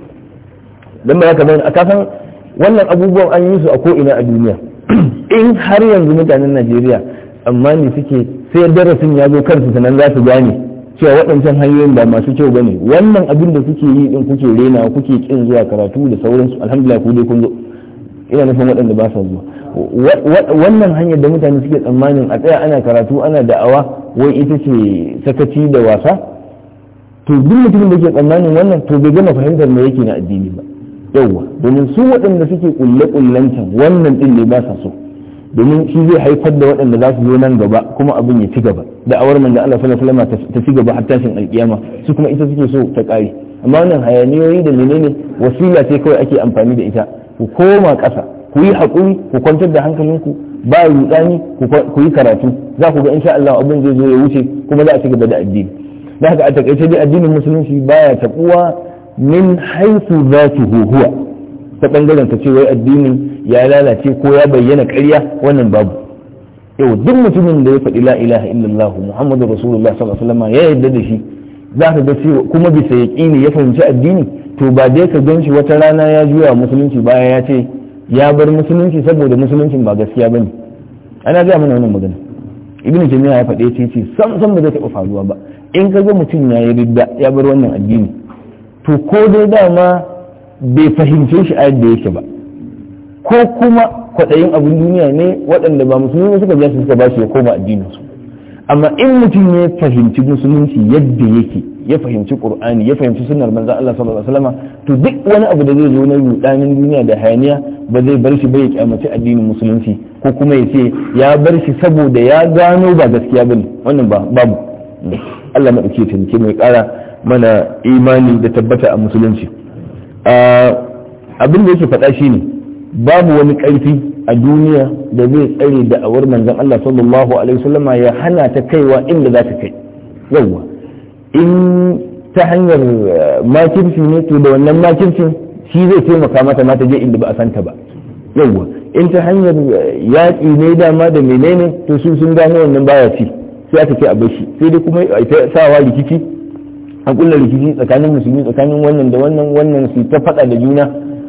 dan ba haka a kasan wannan abubuwan an yi su a ko ina a duniya (clears throat) in har yanzu mutanen Najeriya amma ne suke sai darasin ya zo kansu sanan za su gane cewa waɗancan hanyoyin ba masu kyau bane wannan abin da suke yi din kuke rena kuke kin zuwa karatu da sauransu alhamdulillah ku dai kun zo ina nufin waɗanda ba sa zuwa wannan hanyar da mutane suke tsammanin a tsaya ana karatu ana da'awa wai ita ce sakaci da wasa to duk mutumin da ke tsammanin wannan to bai gama fahimtar me yake na addini ba yauwa domin su waɗanda suke kulle kullancan wannan din ne ba sa so domin shi zai haifar da waɗanda za su zo nan gaba kuma abin ya ci gaba da'awar manzo Allah sallallahu alaihi wasallam ta ci gaba har tashin alkiyama su kuma ita suke so ta kare amma wannan hayaniyoyi da menene wasila ce kawai ake amfani da ita ku koma ƙasa ku yi haƙuri ku kwantar da hankalinku ba rudani ku yi karatu za ku ga insha Allah abin zai zo ya wuce kuma za a ci gaba da addini da haka a takaice dai addinin musulunci baya tabuwa min haisu za su huwa ta ɓangaren ta ce wai addinin ya lalace ko ya bayyana ƙarya wannan babu yau duk mutumin da ya faɗi la ilaha illallah muhammadu rasulullah sallallahu alaihi wasallam ya yarda da shi za ka ga cewa kuma bisa ne ya fahimci addini to ba dai ka gan shi wata rana ya juya musulunci baya ya ce ya bar musulunci saboda musuluncin ba gaskiya ba ne ana gaya mana wannan magana ibnu jami'a ya faɗe ce ce sam sam ba zai taɓa faruwa ba in ka ga mutum ya yi ridda ya bar wannan addini to ko dai dama bai fahimce shi a yadda yake ba ko kuma kwaɗayin abin duniya ne waɗanda ba musulmi suka biya su suka ba shi ya koma addininsu amma in mutum ya fahimci musulunci yadda yake ya fahimci qur'ani ya fahimci sunnar manzon Allah sallallahu alaihi wasallam to duk wani abu da zai zo na rudanin duniya da hayaniya ba zai bar shi ba ya kyamaci addinin musulunci ko kuma ya ce ya bar shi saboda ya gano ba gaskiya bane wannan ba babu Allah madauke ta ne mai kara mana imani da tabbata a musulunci abin da yake faɗa shi ne babu wani ƙarfi a duniya da zai tsare da awar manzon Allah sallallahu alaihi wasallama ya hana ta kaiwa inda za ta kai yawwa in ta hanyar eh, makirci ne to da wannan makircin shi zai taimaka mata mata je inda ba a santa ba yawwa in ta hanyar eh, yaƙi ne dama da menene to su sun gano wannan baya ci sai aka ke a bar shi sai dai kuma a sawa rikici an kulla rikici tsakanin musulmi tsakanin wannan da wannan wannan su ta faɗa da juna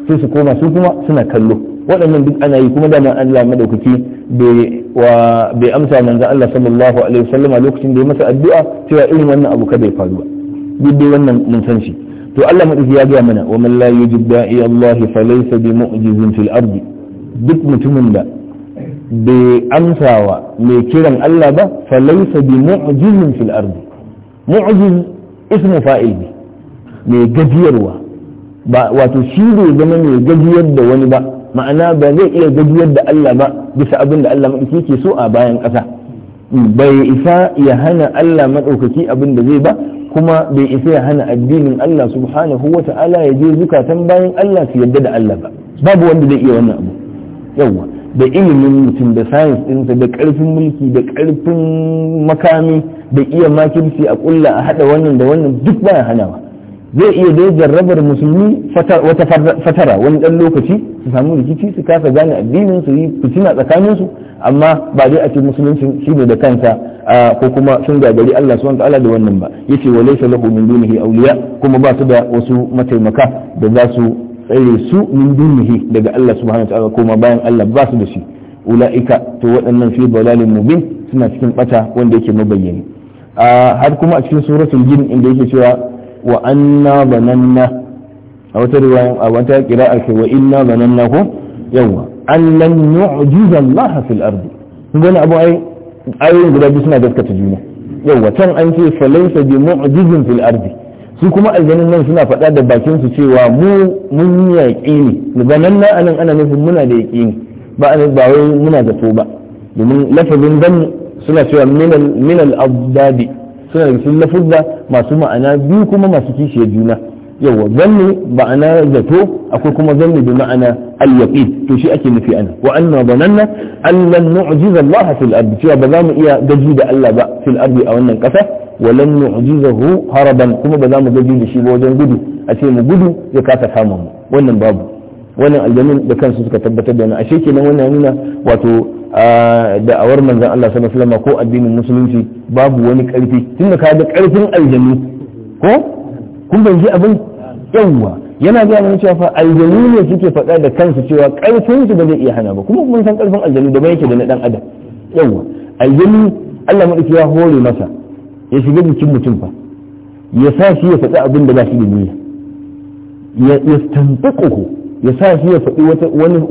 sai su koma su kuma suna kallo waɗannan duk ana yi kuma dama Allah madaukaki bai amsa manzo Allah sallallahu alaihi wasallama lokacin da ya masa addu'a cewa irin wannan abu kada ya faru ba duk dai wannan mun san shi to Allah madaukaki ya gaya mana wa man la yujib da'i Allah fa laysa bi mu'jizin fil ardi duk mutumin da bai amsawa mai kiran Allah ba fa laysa bi mu'jizin fil ardi mu'jiz ismu fa'il ne mai gajiyarwa ba wato shi bai zama mai gajiyar da wani ba ma'ana ba zai iya gajiyar da Allah ba bisa abin da Allah maɗauki ke so a bayan ƙasa hmm, bai isa ya hana Allah maɗaukaki abin da zai ba kuma bai isa ya hana addinin Allah subhanahu wa ta'ala ya je zukatan bayan Allah su yarda da Allah ba babu wanda zai iya wannan abu yawwa da ilimin mutum da science dinsa da karfin mulki da karfin makami da iya makirci a kulla a haɗa wannan da wannan duk baya hanawa zai iya dai jarrabar musulmi wata fatara wani dan lokaci su samu rikici su kasa gane addinin su yi fitina tsakanin su amma ba dai a ce musulunci shi ne da kansa ko kuma sun gagari Allah subhanahu ta'ala da wannan ba yace wa laysa lahu min dunihi awliya kuma ba su da wasu mataimaka da za su tsare su min dunihi daga Allah subhanahu wa ta'ala kuma bayan Allah ba su da shi ula'ika to waɗannan fi dalalin mubin suna cikin bata wanda yake mabayyani har kuma a cikin suratul jin inda yake cewa wa anna bananna a wata riwaya a wata qira'a ce wa inna bananna ko yawa an lan nu'jiza Allah fil ardi kun gani abu ai ayoyin guda biyu suna gaskata juna yawa can an ce falaysa bi mu'jizin fil ardi su kuma aljanin nan suna faɗa da bakin su cewa mu mun yi yaƙini zanen na anan ana nufin muna da yaƙini ba a ba wai muna zato ba domin lafazin dan suna cewa minal abdadi suna da cikin lafuzza masu ma'ana biyu kuma masu kishiyar juna yawa zanni ma'ana zato akwai kuma zanni bi ma'ana al-yaqin to shi ake nufi ana wa anna dhananna an lan nu'jiza Allah fil ardi cewa ba za mu iya gaji da Allah ba fil ardi a wannan kasa wa lan nu'jizahu haraban kuma ba za mu gaji da shi ba wajen gudu a ce mu gudu ya kasa samu wannan babu wannan aljamin da kansu suka tabbatar da ni ashe kenan wannan nuna wato da'awar manzon Allah sallallahu alaihi wasallam ko addinin musulunci babu wani karfi tunda ka ga karfin aljamin ko kun ban ji abin yawwa yana gaya mana cewa fa aljanu ne suke faɗa da kansu cewa ƙarfin su ba zai iya hana ba kuma mun san ƙarfin aljanu da yake da na dan adam yawwa aljanu Allah madauki ya hore masa ya shiga jikin mutum fa ya sa shi ya faɗi abin da ba shi da niyya ya tantaƙuhu ya sa shi ya faɗi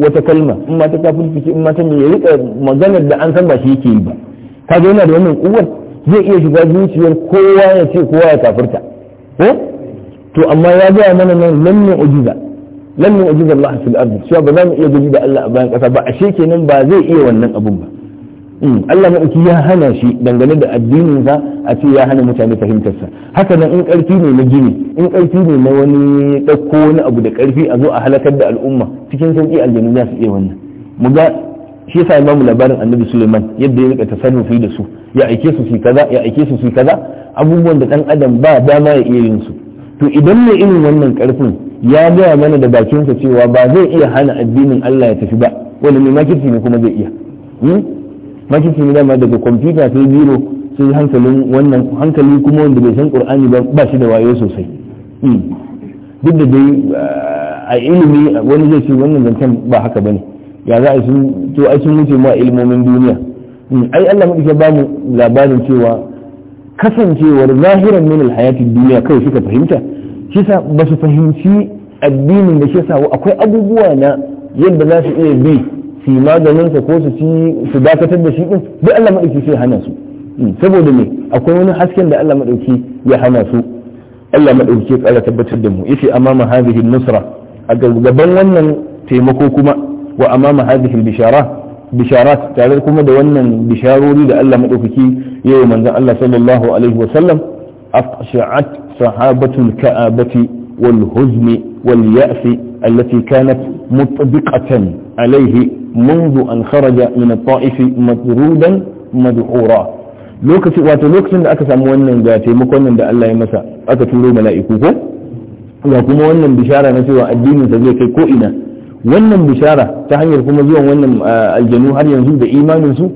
wata kalma in ma ta kafin fice in ma ta ya rika maganar da an san ba shi yake yi ba kaga yana da wannan kuwar zai iya shiga zuciyar kowa ya ce kowa ya kafirta ko to amma ya gaya mana nan Lannin ujiza lam ujiza Allah fil ard cewa ba za mu iya gaji da Allah a bayan kasa ba ashe kenan ba zai iya wannan abun ba hmm, Allah maɗauki ya hana shi dangane da addinin sa a ce ya hana mutane fahimtarsa haka nan in ƙarfi ne na gini in ƙarfi ne na wani ɗauko wani abu da ƙarfi a zo a halakar da al'umma cikin sauƙi aljanu za su iya wannan mu ga shi yasa imamu labarin annabi suleiman yadda ya rika tasarrufi da su ya aike su su kaza ya aike su su kaza abubuwan da ɗan adam ba dama ya iya yin su to idan mai irin wannan karfin ya gaya mana da bakinsa cewa ba zai iya hana addinin Allah ya tafi ba wanda mai makirci ne kuma zai iya hmm? makirci ne dama daga kwamfuta sai biro sai hankalin wannan hankali kuma wanda bai san qur'ani ba shi da wayo sosai hmm. duk da dai a ilimi wani zai ce wannan zancen ba haka bane ya za a sun to ai sun wuce mu a ilimomin duniya hmm. ai Allah mu ba mu labarin cewa kasancewar zahiran min alhayatin duniya kawai suka fahimta shi sa ba su fahimci addinin da shi sawo akwai abubuwa na yadda za su iya bi su maganin sa ko su ci su dakatar da shi din duk Allah madauki sai hana su hmm, saboda me akwai wani hasken da Allah madauki ya hana su Allah madauki ya tabbatar da mu yace amama hadhihi nusra a gaban wannan taimako kuma wa amama hadhihi bishara bisharat tare kuma da wannan bisharori da Allah madaukaki yau manzon Allah sallallahu alaihi wasallam afsha'at sahabatul ka'abati wal huzni wal ya'si التي كانت مطبقة عليه منذ أن خرج من الطائف مطرودا مدحورا lokaci wato lokacin da aka samu wannan ga taimakon da Allah ya masa aka turo mala'iku ko ga kuma wannan bishara na cewa addinin sa zai kai ko ina wannan bishara ta hanyar kuma zuwan wannan ah, aljanu har yanzu da imanin su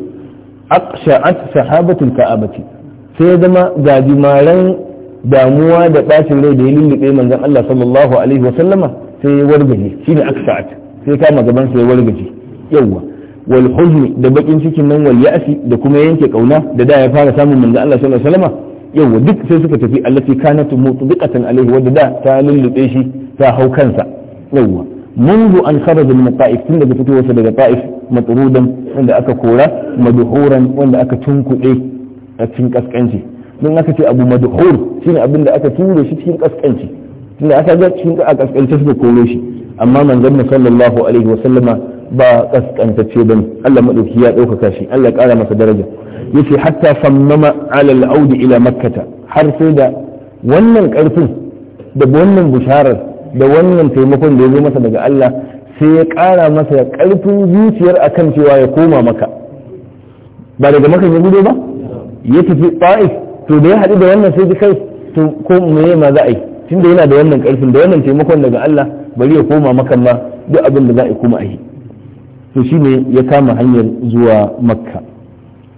aqsha'at sahabatul ka'abati sai ya zama gajimaran damuwa da bacin rai da ya lullube manzon Allah sallallahu alaihi wa sallama sai ya wargaje shine aqsha'at sai kama gaban sai ya wargaje yawa wal da bakin cikin nan wal ya'si da kuma yanke kauna da da ya fara samun manzon Allah sallallahu alaihi wa sallama yawa duk sai suka tafi allati kanat mutbiqatan alaihi wa da ta lullube shi ta hau kansa yawa منذ أن خرج من طائف تند بفتوة دقى طائف مطرودا وند أكا كورا مدحورا وند أكا تنكو إيه أتشنك cikin من أكا أبو مدحور شين أبن أكا تنكو شتشنك أسكنشي تند أكا جات أكا أسكنشي بكولوشي amma manzon sallallahu alaihi wa sallama ba kaskantacce ba Allah madauki ya ɗaukaka shi Allah ya ƙara masa daraja yace hatta sammama ala ila makkata har sai da wannan ƙarfin da wannan bisharar da wannan taimakon da ya zo masa daga Allah sai ya ƙara masa ƙarfin zuciyar akan cewa ya koma maka ba daga maka ya gudu ba ya tafi ta'if to da ya haɗu da wannan sai ji kai to ko me ma za a yi tunda yana da wannan ƙarfin da wannan taimakon daga Allah bari ya koma maka ma duk abin da za a kuma a yi to shi ne ya kama hanyar zuwa makka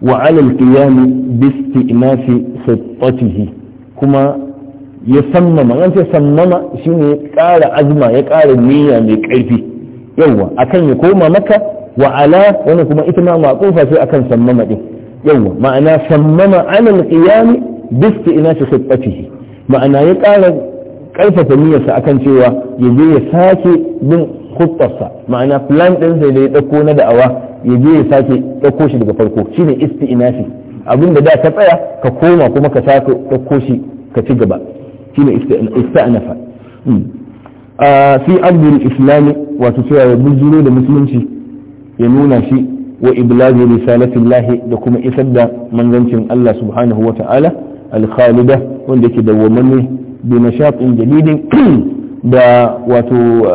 wa alal qiyam bi isti'nafi sittatihi kuma ya sammama an ce sammama shine ya ƙara azma ya ƙara niyya mai ƙarfi yawwa akan ya koma maka wa ala wani kuma ita ma maƙufa sai akan sammama ɗin. yawwa ma'ana sammama alal qiyam bisti ina shi siffatihi ma'ana ya ƙara ƙarfafa niyyarsa akan cewa ya je ya sake bin khuttarsa ma'ana plan ɗinsa da ya ɗauko na da'awa ya je ya sake ɗauko shi daga farko shine ina abin da da ka tsaya ka koma kuma ka sake ɗauko shi ka ci gaba shine ista'nafa hmm. fi abdul islami wato cewa ya bujiro da musulunci ya nuna shi wa iblagi risalatillahi da kuma isar da manzancin Allah subhanahu wa ta'ala al-khalida wanda yake dawwamanne bi nashaqin jadidin (clears throat) da wato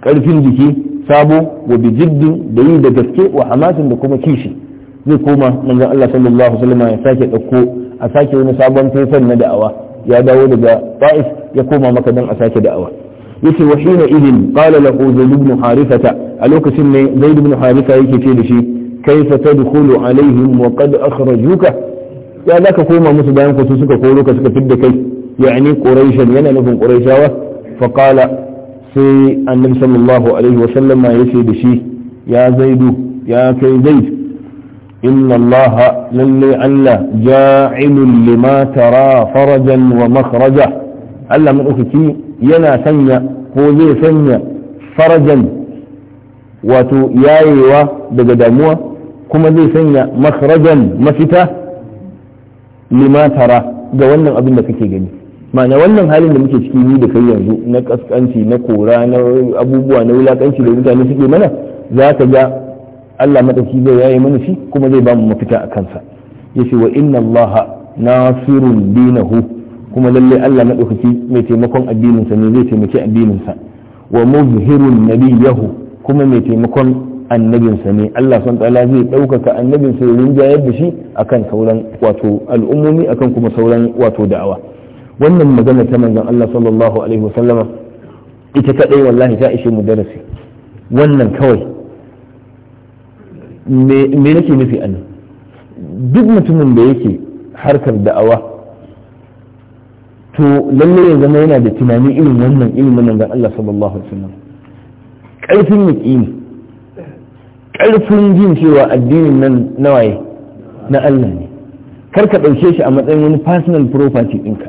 karfin jiki sabo wa bi jiddin da yi da gaske wa hamasin da kuma kishi zai koma manzon Allah sallallahu alaihi wasallam ya sake dauko a sake wani sabon fesan na da'awa ya dawo daga ta'if ya koma maka dan a sake da'awa yace wa hina idin qala lahu zaid ibn harifata a lokacin ne zaid ibn harifa yake ce da shi kaifa tadkhulu alaihim wa qad akhrajuka ya zaka koma musu bayan ku suka koro ka suka fidda kai yani quraishan yana nufin quraishawa fa qala sai annabi sallallahu alaihi wa sallama yace da shi ya zaidu ya kai zaid inna lallai allah ja'ilun limatara tara farajan wa makhraja allah madaukaki yana sanya ko zai sanya farajan wato yayewa daga damuwa kuma zai sanya makhrajan mafita limatara ga wannan abin da kake gani ma'ana wannan halin da muke ciki ni da kai yanzu na kaskanci na kora na abubuwa na wulaƙanci da mutane suke mana za ka ga Allah madauki zai yayi mana shi kuma zai ba mu mafita a kansa yace wa inna allaha nasirun dinahu kuma lalle Allah madaukaki mai taimakon addinin sa ne zai taimaki addinin sa wa muzhirun nabiyahu kuma mai taimakon annabin sa ne Allah san ta'ala zai daukaka annabin sa rinjayar da shi akan sauran wato al'ummomi akan kuma sauran wato da'awa wannan magana ta manzon Allah sallallahu alaihi wasallama ita kadai wallahi ta ishe mu darasi wannan kawai me nake nufi a nan duk mutumin da yake harkar da'awa to lalle ya zama yana da tunani irin wannan ilimin nan Allah sallallahu alaihi wasallam karfin yaqini karfin jin cewa addinin nan nawaye na Allah ne kar ka ɗauke shi a matsayin wani personal property ɗinka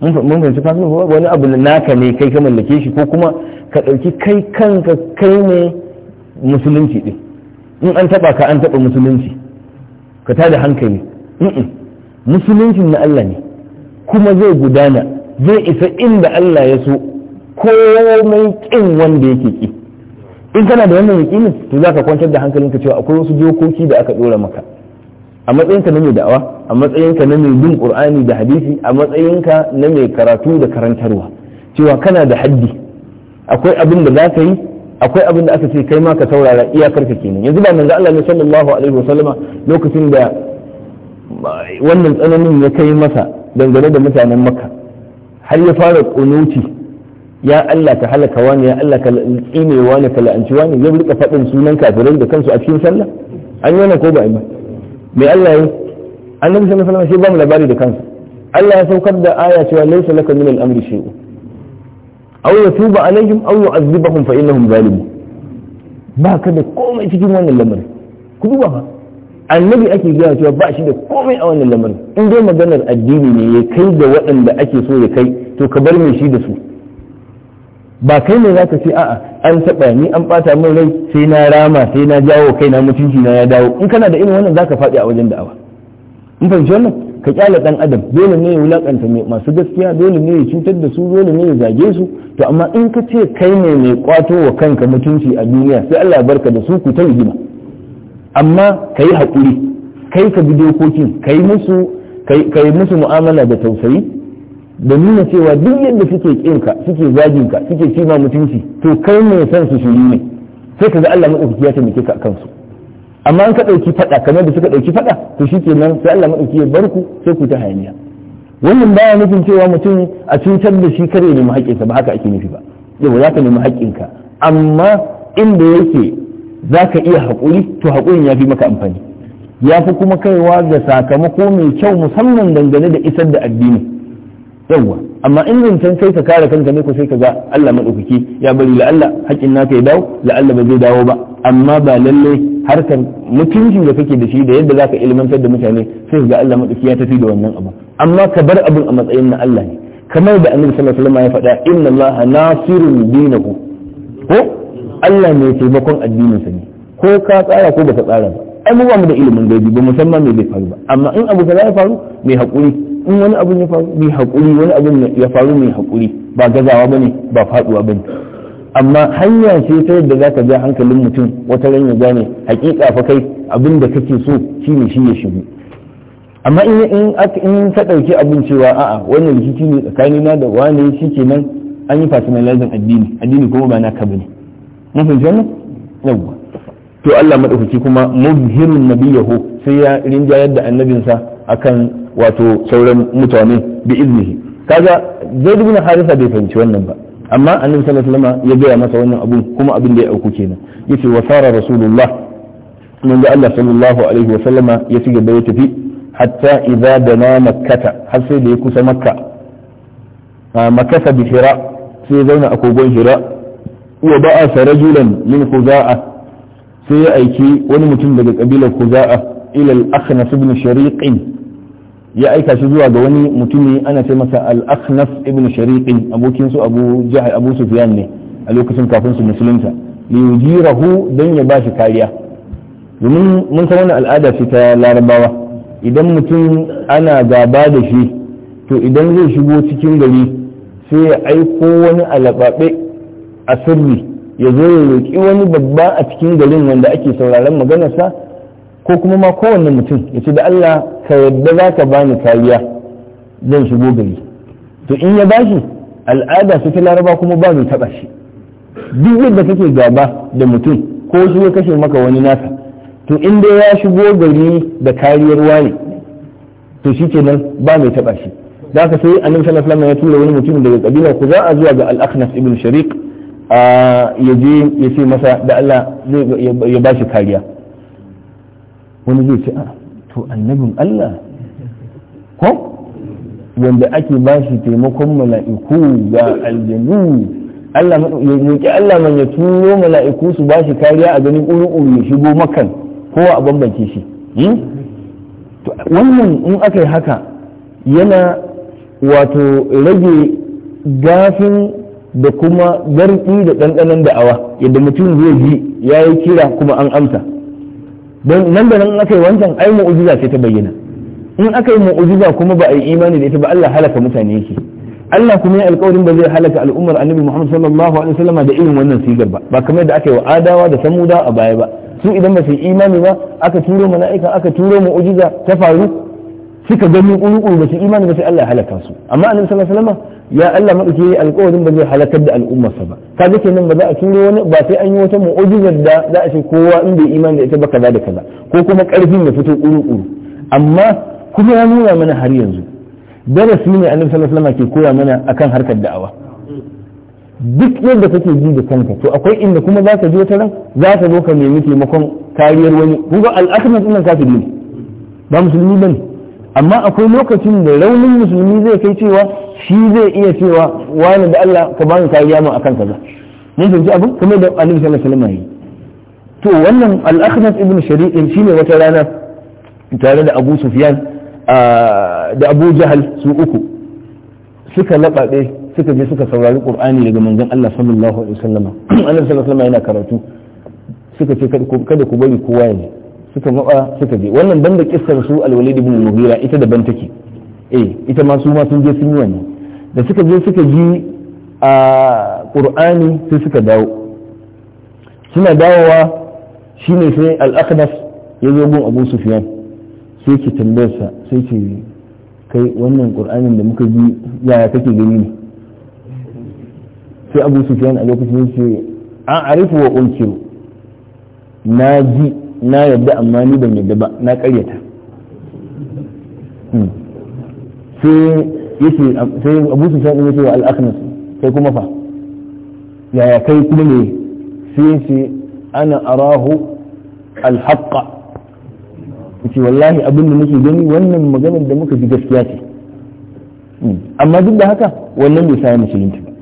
mun fahimci personal property wani abu naka ne kai ka mallake shi ko kuma ka dauki kai kanka kai ne musulunci din. in an taba ka an taba musulunci ka ta da hankali musuluncin na Allah ne kuma zai gudana zai isa inda Allah ya so ko mai kin wanda yake ki in kana da wannan yakinin to zaka kwantar da hankalinka cewa akwai wasu dokoki da aka dora maka a matsayinka na mai da'awa a matsayinka na mai bin qur'ani da hadisi a matsayinka na mai karatu da karantarwa cewa kana da haddi akwai abin da zaka yi akwai abin da aka ce kai ma ka saurara iyakar ka kenan yanzu ba manzo Allah ne sallallahu alaihi wasallama lokacin da wannan tsananin ya kai masa dangane da mutanen Makka har ya fara kunuti ya Allah ka halaka wani ya Allah ka tsine wani ka la'anci wani ya rika faɗin sunan kafirai da kansu a cikin sallah an yi wannan ko ba ba me Allah ya annabi sallallahu alaihi wasallama shi ba mu labari da kansa Allah ya saukar da aya cewa laysa laka min al-amri shay'un aw yatuba alaihim aw yu'azzibahum fa innahum zalimun ba ka da komai cikin wannan lamarin ku duba ba annabi ake gaya cewa ba shi da komai a wannan lamarin in dai maganar addini ne ya kai ga waɗanda ake so ya kai to ka bar mai shi da su ba kai ne zaka ce a'a an taɓa ni an ɓata min rai sai na rama sai na jawo kai na mutunci na ya dawo in kana da irin wannan zaka faɗi a wajen da'awa in fahimci wannan ka kyale dan adam dole ne ya wulakanta masu gaskiya dole ne ya cutar da su dole ne ya zage su to amma in ka ce kai ne mai kwato wa kanka mutunci a duniya sai Allah barka da su ku ta amma ka yi haƙuri kai ka bi dokokin ka yi musu kai musu mu'amala da tausayi da nuna cewa duk yadda suke kinka suke zaginka suke cima mutunci to kai mai son su shiri ne sai ka ga Allah maɗaukaki ya taimake ka kansu amma an ka ɗauki faɗa kamar da suka ɗauki faɗa to shi nan sai Allah maɗauki ya bar ku sai ku ta hayaniya wannan baya nufin cewa mutum a cutar da shi ya nemi haƙƙinsa ba haka ake nufi ba yau za ka nemi haƙƙinka amma inda yake za ka iya haƙuri to haƙurin ya fi maka amfani ya fi kuma kaiwa ga sakamako mai kyau musamman dangane da isar da addini yawwa amma in zancen sai ka kare kanka ne ko sai ka ga Allah maɗaukaki ya bari la'alla haƙƙin naka ya dawo la'alla ba zai dawo ba amma ba lallai harkar mutuncin da kake da shi da yadda zaka ilmantar da mutane sai ga Allah madauki ya tafi da wannan abu amma ka bar abin a matsayin na Allah ne kamar da annabi sallallahu alaihi wasallam ya faɗa inna allaha nasirun dinahu ko Allah ne taimakon addinin sa ne ko ka tsara ko baka tsara ba abubuwa mu da ilimin gaibi ba musamman me zai faru ba amma in abu kaza ya faru mai hakuri in wani abu ya faru mai hakuri wani abu ya faru mai hakuri ba gazawa bane ba faduwa bane amma hanya ce ta yadda za ka ja hankalin mutum wata ran ya gane hakika fa kai abin da kake so shine shi ya shigo amma in in ka ɗauki abin cewa a'a wannan rikici ne tsakanina da wane shi ke nan an yi personalizing addini addini kuma ba na ka bane mun fahimci wannan yawwa to Allah madaukaki kuma mubhirun nabiyahu sai ya rinjayar da annabinsa akan wato sauran mutane bi iznihi kaga zaid bin harisa bai fahimci wannan ba amma annabi sallallahu alaihi wasallam ya gaya masa wannan abun kuma abin da ya auku kenan yace wa sara rasulullah mun Allah sallallahu alaihi wasallama ya ci gaba ya tafi hatta idza dana makkata har sai da ya kusa makka makasa bi hira sai zauna a kogon hira wa ba'a rajulan min khuza'a sai ya aiki wani mutum daga kabilar khuza'a ila al-akhnas ibn shariqin ya aika shi zuwa ga wani mutumi ana ce masa al-akhnaf ibn shariqin abokin su abu jahal abu sufyan ne a lokacin kafin su musulunta li yujirahu dan ya bashi kariya domin mun san wannan al'ada ce ta larabawa idan mutum ana gaba da shi to idan zai shigo cikin gari sai ya aiko wani alababe a sirri ya zo ya roki wani babba a cikin garin wanda ake sauraron maganarsa ko kuma ma kowanne mutum ya ce da Allah ka yadda za ka bani kariya zan shigo gari to in ya bashi al'ada su ta laraba kuma ba mai taɓa shi duk yadda kake gaba da mutum ko su ya kashe maka wani nasa to in dai ya shigo gari da kariyar wani to shi kenan ba mai taɓa shi da haka sai annabi sallallahu alaihi ya tura wani mutum daga kabila ku za a zuwa ga al-akhnas ibn shariq ya je ya ce masa da Allah zai ya bashi kariya wani zai ce ah, to annabin Allah ko wanda ake ba shi taimakon mala'iku ga aljanu Allah Allah man ya turo mala'iku su ba shi kariya a ganin uru ya shigo makan kowa a bambance shi hmm? wannan in aka yi haka yana wato rage gafin da kuma garɗi da ɗanɗanon da'awa yadda mutum zai ji ya yi kira kuma an amsa don nan da nan aka yi wancan ai mu'ujiza ce ta bayyana in aka yi mu'ujiza kuma ba a yi imani da ita ba Allah halaka mutane yake Allah kuma ya alƙawarin ba zai halaka al'ummar annabi Muhammad sallallahu alaihi wasallam da irin wannan sigar ba ba kamar da aka yi wa adawa da samuda a baya ba su idan ba su yi imani ba aka turo mala'ika aka turo mu'ujiza ta faru suka gani ƙuruƙuru ba su imani ba sai Allah ya halaka su amma annabi sallallahu alaihi wasallam ya Allah madauki alƙawarin ba zai halakar da al'ummarsa ba kaga kenan ba za a turo wani ba sai an yi wata mu'ujizar da za a ce kowa in bai imani da ita ba kaza da kaza ko kuma ƙarfin ya fito ƙuruƙuru amma kuma ya nuna mana har yanzu darasi ne annabi sallallahu alaihi ke koya mana akan harkar da'awa duk yadda kake ji da kanka to akwai inda kuma za ka je wata ran za ka zo ka nemi taimakon kariyar wani Kuma ga al'akamin nan kafiri ne ba musulmi bane amma akwai lokacin da raunin musulmi zai kai cewa shi zai iya cewa wani da Allah ka bani kariya mu akan kaza mun fahimci abin kuma da Annabi sallallahu alaihi wasallam to wannan al-Akhnas ibn shi ne wata rana tare da Abu Sufyan da Abu Jahal su uku suka lababe suka je suka saurari Qur'ani daga manzon Allah sallallahu alaihi wasallam Annabi sallallahu alaihi wasallam yana karatu suka ce kada ku bari kowa ya suka matsa suka je wannan banda kissar su alwalid ibn mughira ita daban take eh ita ma su ma sun je sun yi wannan da suka je suka ji a qur'ani sai suka dawo suna dawowa shine sai al-aqdas ya zo gun abu sufyan sai ke tambayarsa sai ce kai wannan qur'anin da muka ji yaya kake gani ne sai abu sufyan a lokacin ce an arifu wa unkiru na ji na yadda amma ni ban yadda ba na karyata hmm. sai yace sai Abu Sufyan yace wa al sai kuma fa yaya kai kuma ne sai yace ana arahu al-haqqa yace wallahi abin da nake gani wannan maganar da muka ji gaskiya ce hmm. amma duk da haka wannan bai sa musulunci ba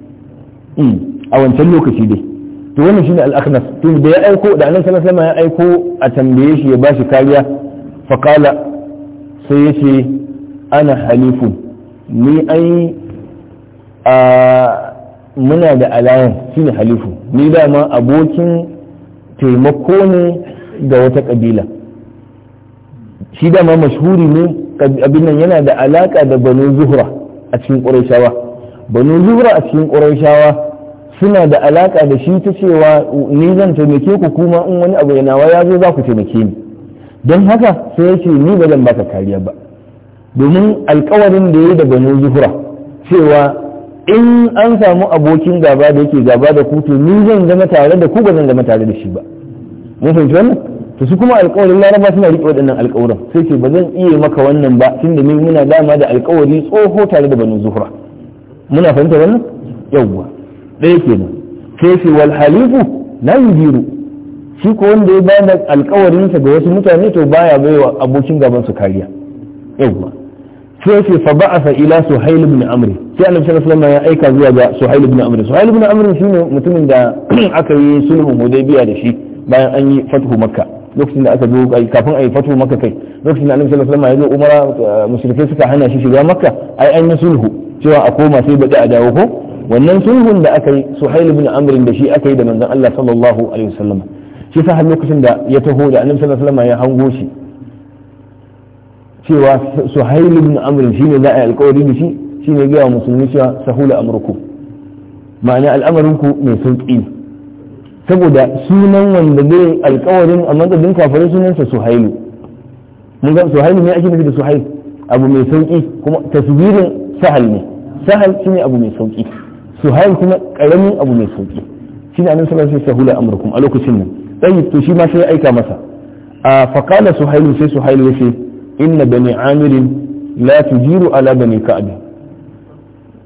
hmm. a wancan lokaci dai to wannan shine al to da ya aiko da annabi sallallahu alaihi ya aiko a tambaye shi ya bashi kariya fa qala sai yace ana halifun ni ai a muna da alayan shine halifu ni dama abokin taimako ne ga wata kabila shi dama mashhuri ne abin nan yana da alaka da banu zuhra a cikin qurayshawa banu zuhra a cikin qurayshawa suna da alaka da shi ta cewa ni zan taimake ku kuma in wani abu nawa ya zo za ku taimake ni don haka sai ya ce ni ba zan baka kariya ba domin alkawarin da ya yi da banu zuhura cewa in an samu abokin gaba da yake gaba da ku to ni zan zama tare da ku ba zan zama tare da shi ba mun fahimci wannan to su kuma alkawarin laraba suna riƙe waɗannan alkawarin sai ce ba zan iya maka wannan ba tunda ni muna dama da alkawari tsoho tare da banu zuhura muna fahimta wannan yawwa ɗaya nan kefi wal halifu la yudiru shi ko wanda ya bayar da alkawarinsa ga wasu mutane to baya baiwa abokin gaban su kariya yawwa sai ce fa ba'atha ila suhail ibn amr sai annabi sallallahu alaihi ya aika zuwa ga suhail ibn amr suhail ibn amr shine mutumin da (clears throat) aka yi sulhu hudaybiya da shi bayan an yi fathu makka lokacin da aka zo kafin a yi fathu makka kai lokacin da annabi sallallahu alaihi wasallam ya zo umara musulmai suka hana shi shiga makka ai an yi sulhu cewa a koma sai bada a dawo ko wannan sulhun da aka yi suhail bin amr da shi aka yi da manzon Allah sallallahu alaihi wasallam shi sa har lokacin da ya taho da annabi sallallahu alaihi wasallam ya hango shi cewa suhail bin amr shine za a yi alƙawari da shi shine ga musulmi cewa sahula amrukum ma'ana al'amarinku mai sauƙi saboda sunan wanda zai alkawarin a matsayin kafirai sunansa suhailu mun ga suhailu ne ake nufi da suhail abu mai sauƙi kuma tasbirin sahal ne sahal shine abu mai sauƙi suhail kuma karamin abu mai sauki shi ne annabi sallallahu alaihi wasallam amurkum a lokacin nan sai to shi ma sai ya aika masa a faqala suhail sai suhail ya ce inna bani amir la tujiru ala bani ka'ab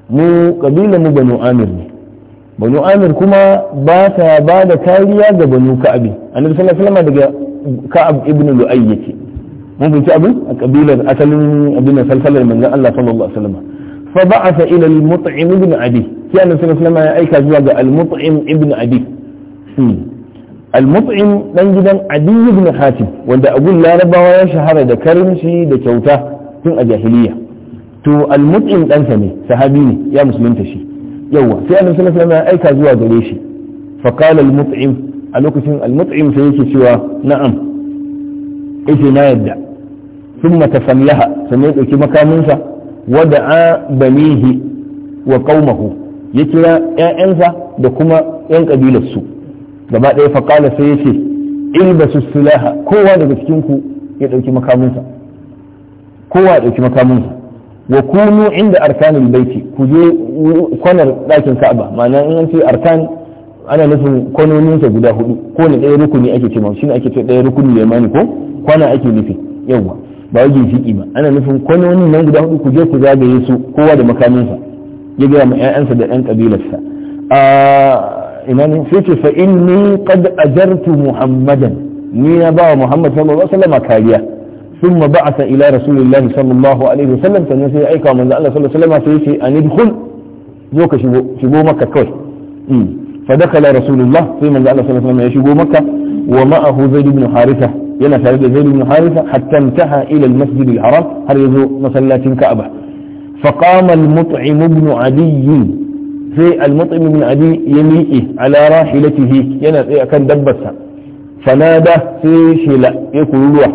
mu kabila mu banu amir ne banu amir kuma ba ta ba da kariya ga banu ka'ab annabi sallallahu alaihi wasallam daga ka'ab ibn lu'ay yake mun binci abin a kabilar asalin abin salsalar manzon Allah sallallahu alaihi wasallam fa ba'atha ila al-mut'im ibn sai annabi sallallahu alaihi ya aika ga al-mut'im ibn abi hmm. al-mut'im dan gidan hatim wanda abun larabawa ya shahara da karimci da kyauta tun a jahiliya to al-mut'im ɗansa ne sahabi ne ya musulunta shi yawa sai annabi sallallahu alaihi ya aika zuwa gare shi fa qala a lokacin al-mut'im yake cewa na'am na yadda ثم تفلها ثم كما كان wada'a banihi wa qaumahu ya kira ƴaƴansa da kuma ƴan kabilar su gaba ɗaya fa qala sai yace ilbasu silaha kowa daga cikin ku ya dauki makaminsa kowa ya dauki makaminsa wa kunu inda arkanul baiti ku je kwanar ɗakin ka'aba ma'ana in an ce arkan ana nufin kwanoninsa guda hudu ko ne ɗaya rukuni ake ce shi ake ce ɗaya rukuni mani ko kwana ake nufi yawwa ba wajen ginshiki ba ana nufin wani nan guda hudu ku je ku zagaye su kowa da makaminsa ya gaya ma 'ya'yansa da 'yan kabilarsa imani sai ce fa inni qad ajartu muhammadan ni na ba muhammad sallallahu alaihi wasallam kariya ثم بعث الى رسول الله صلى الله عليه وسلم sannan sai aika manzo Allah sallallahu alaihi wasallam sai yace an idkhul zo ka shigo shigo makka kai hmm. fa dakala rasulullah sai manzo Allah sallallahu alaihi wasallam ya shigo makka wa ma'ahu zaid yana tare da zaid ibn haritha hatta intaha ila al-masjid al-haram har yazo masallacin ka'aba fa qama al-mut'im ibn adiy sai al-mut'im ibn ya miƙe ala rahilatihi yana tsaye akan dabbarsa fanada sai shila ya kururuwa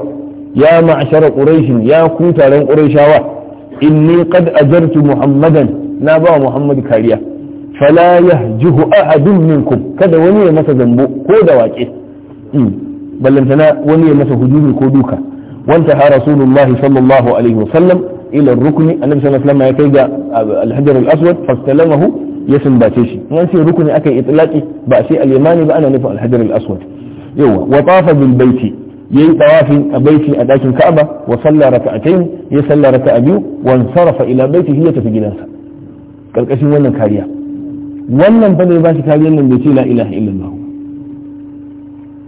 ya ma'ashara quraish ya ku taron quraishawa inni qad ajartu muhammadan na ba muhammad kariya fala yahjuhu ahadun minkum kada wani ya masa zambo ko da waƙe hmm. ballantana wani ya masa hujumi ko duka wanta ha rasulullahi sallallahu alaihi sallam, ila rukuni annabi sallallahu alaihi ya kai ga alhajar al-aswad fastalamahu ya sumbace shi in an rukuni aka yi itlaqi ba sai al-yamani ba ana nufin alhajar al-aswad yawa wa tafa bil baiti yayi tawafin a baiti a dakin ka'aba wa salla raka'atayn ya salla raka'a biyu wa sarafa ila baitihi ya tafi gidansa karkashin wannan kariya wannan fa ne ba shi kariyar nan bai ce la ilaha illallah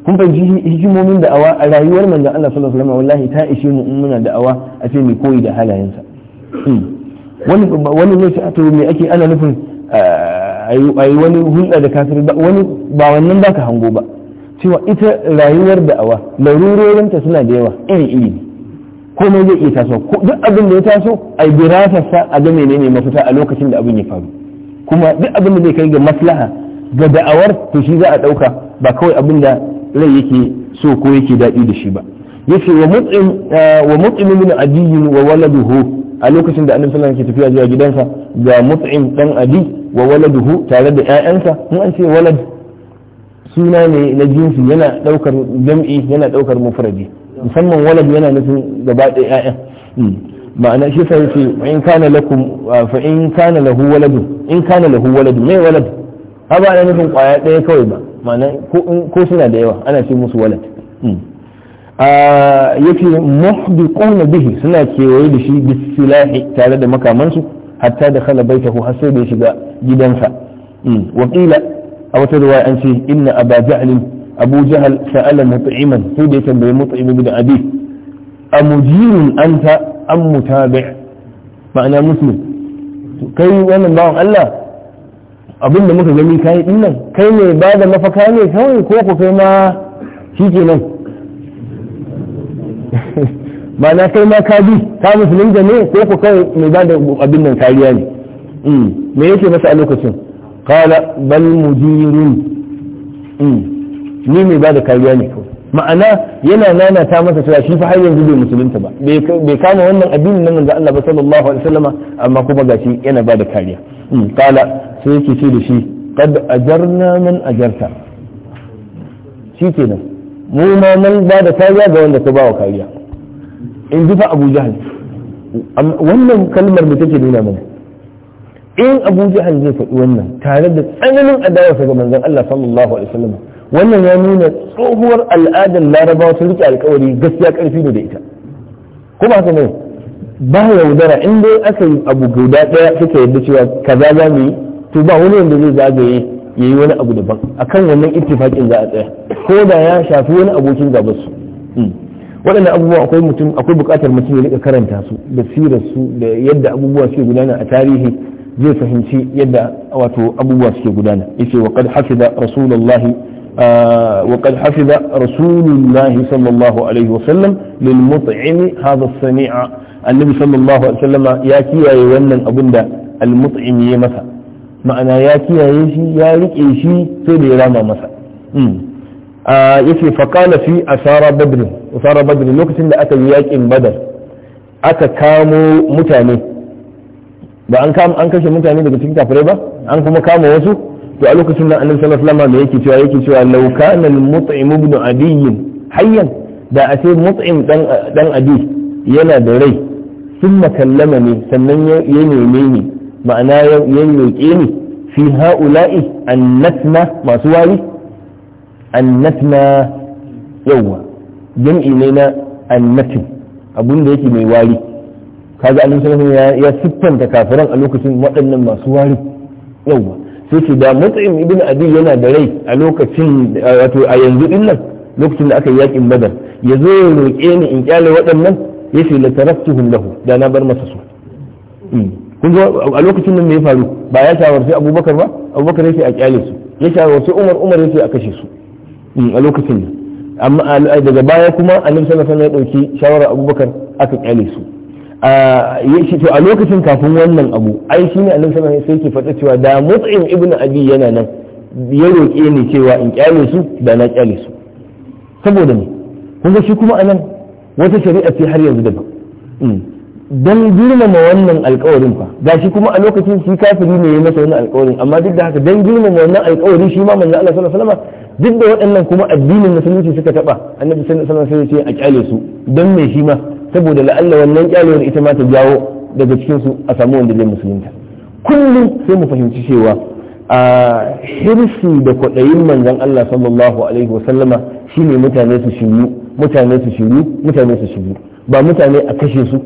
kun fahimci hikimomin da'awa a rayuwar manzon Allah sallallahu alaihi wallahi ta ishe mu in muna da'awa a ce mai koyi da halayensa hmm. wani wani ne sai to me ake ana nufin ayi wani hulɗa da kafir ba wani ba wannan baka hango ba cewa ita rayuwar da'awa ta suna da yawa iri iri komai zai iya taso duk abin da ya taso a sa a ga menene mafita a lokacin da abin ya faru kuma duk abin da zai kai ga maslaha ga da'awar to shi za a ɗauka ba kawai abin da rai yake so ko yake daɗi da shi ba yace wa mut'im eh, wa mut'im min adiyin wa waladuhu a lokacin da annabi sallallahu alaihi tafiya zuwa gidansa ga mut'im dan adi wa waladuhu tare da ƴaƴansa in an ce walad suna ne na jinsi yana daukar jam'i yana daukar mufradi musamman walad yana nufin gaba da ƴaƴan hmm. ma'ana shi sai yace in kana lakum eh, fa in kana lahu waladu in kana lahu waladu mai walad haba ana nufin kwaya ɗaya kawai ba ma'ana ko suna da yawa ana ce musu walad hmm. ah, yake muhdiquna bihi suna kewaye da shi bisilahi tare da makamansu hatta da khala baitahu har sai da shiga gidansa hmm. wa a wata riwaya an ce inna aba jahl abu jahl sa'ala mut'iman sai da tambaye mut'im ibn abi amujirun anta am mutabi' ma'ana muslim kai wannan bawan Allah abin da muka gani kayi din nan kai ne ba da mafaka ne kawai ko ku kai ma ke nan ba (laughs) na kai ma ka bi ka musulunta ne ko ku kai mai ba da abin nan kariya ne mm. me yake masa a lokacin kala bal mujirin mm. ni mai ba da kariya ne kawai ma'ana yana nana ta masa cewa shi fa har yanzu bai musulunta ba bai kama wannan abin na manzo Allah ba sallallahu alaihi wasallama amma kuma gashi yana ba da kariya Hmm, kala sai yake ce da shi kad ajarna man ajarta shi kenan mu ma mun ba da kariya ga wanda ka bawa wa kariya in ji fa abu wannan kalmar da take nuna mana in abu jahal zai faɗi wannan tare da tsananin adawarsa ga manzon Allah sallallahu alaihi wasallam wannan ya nuna tsohuwar al'adar larabawa sun rike alkawari gaskiya karfi da ita ba yaudara in dai aka yi abu guda ɗaya suka yadda cewa kaza za mu yi to ba wani wanda zai zagaye ya yi wani abu daban akan wannan ittifaƙin za a tsaya ko da ya shafi wani abokin gabas hmm. waɗannan abubuwa akwai mutum akwai buƙatar mutum ya rika karanta su da sirar su da yadda abubuwa suke gudana a tarihi zai fahimci yadda wato abubuwa suke gudana yace wa qad hafiza rasulullahi وقد حفظ رسول الله صلى الله عليه وسلم للمطعم annabi sallallahu alaihi wasallam ya kiyaye wannan abin da al-mut'im ya masa ma'ana ya kiyaye shi ya rike shi sai da ya rama masa hmm. A yace faqala fi asara badr asara badr lokacin da aka yi yakin badar aka kamo mutane ba an kama an kashe mutane daga cikin kafirai ba an kuma kama wasu to a lokacin nan annabi sallallahu alaihi wasallam ya yake cewa yake cewa law kana al-mut'im ibn adiy hayyan da a ce mut'im dan dan adi yana da rai sun makallama ne sannan ya neme ni ma'ana ya roƙe ni fi ha'ula'i annatna masu wari annatna yawwa jam'i ne na annatin abun da yake mai wari kaga annabi sallallahu alaihi ya siffanta kafiran a lokacin waɗannan masu wari yawwa sai ce da mut'im ibn abi yana da rai a lokacin wato a yanzu din nan lokacin da aka yi yakin badar ya zo ya roƙe ni in kyale waɗannan yace la taraktuhum lahu da na bar masa su hmm. kun ga a lokacin nan me ya faru ba ya shawarci Abubakar ba Abubakar ya yace a kyale su ya shawarci Umar Umar ya yace a kashe su hmm, a lokacin nan amma daga baya kuma Annabi sallallahu alaihi wasallam ya dauki shawara Abubakar aka kyale su to a lokacin kafin wannan abu ai shi ne annabi sallallahu alaihi wasallam sai ke faɗa cewa da mut'im ibn abi yana nan ya roƙe ni cewa in kyale su da na kyale su saboda ne kun ga shi kuma anan wata shari'a ce har yanzu daban mm. don girmama wannan alkawarin fa gashi kuma a lokacin shi kafiri ne ya masa wannan alkawarin amma duk da haka don girmama wannan alkawarin shi ma manzo Allah sallallahu alaihi wasallam duk da waɗannan kuma addinin musulunci suka taba annabi sallallahu alaihi wasallam sai ya ce a kyale su don me shi ma saboda la'alla wannan kyalewar ita ma ta jawo daga cikin su a samu wanda zai musulunta kullum sai mu fahimci cewa a hirsi da kwaɗayin manzon Allah sallallahu alaihi wasallama shine mutane su shiryu mutane su shiru mutane su shiru ba mutane a kashe su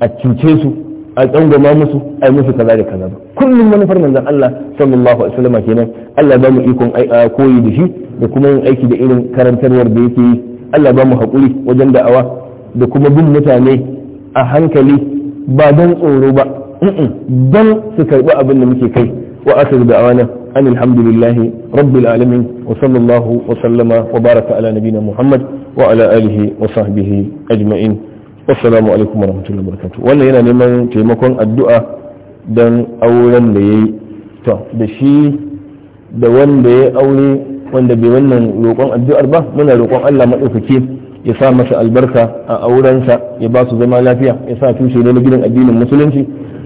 a cuce su a tsangwama musu a yi musu kaza da kaza ba kullum manufar manzon Allah sallallahu alaihi wasallam kenan Allah ba mu ikon koyi da shi da kuma yin aiki da irin karantarwar da yake yi Allah ba mu haƙuri wajen da'awa da kuma bin mutane a hankali ba don tsoro ba don su karɓi abin da muke kai وآخر دعوانا أن الحمد لله رب العالمين وصلى الله وسلم وبارك على نبينا محمد وعلى آله وصحبه أجمعين والسلام عليكم ورحمة الله وبركاته وأنا هنا لمن تيمكن الدعاء دان أولا لي تو دشي da wanda ya aure wanda bai wannan roƙon addu'ar ba muna roƙon Allah maɗaukaki ya sa masa albarka a aurensa ya ba su zama lafiya ya sa tushe na gidan addinin musulunci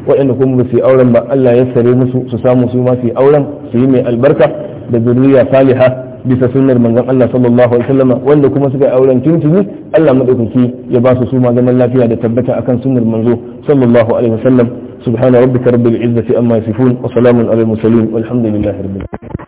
waɗanda kuma ba su yi auren ba Allah ya sare musu su samu su ma su yi auren su yi mai albarka da zuriya saliha bisa sunnar manzon Allah sallallahu alaihi wasallam wanda kuma suka yi auren tuntuni Allah madaukaki ya ba su su ma zaman lafiya da tabbata akan sunnar manzo sallallahu alaihi wasallam subhana rabbika rabbil izzati amma yasifun wa salamun alal mursalin walhamdulillahi rabbil alamin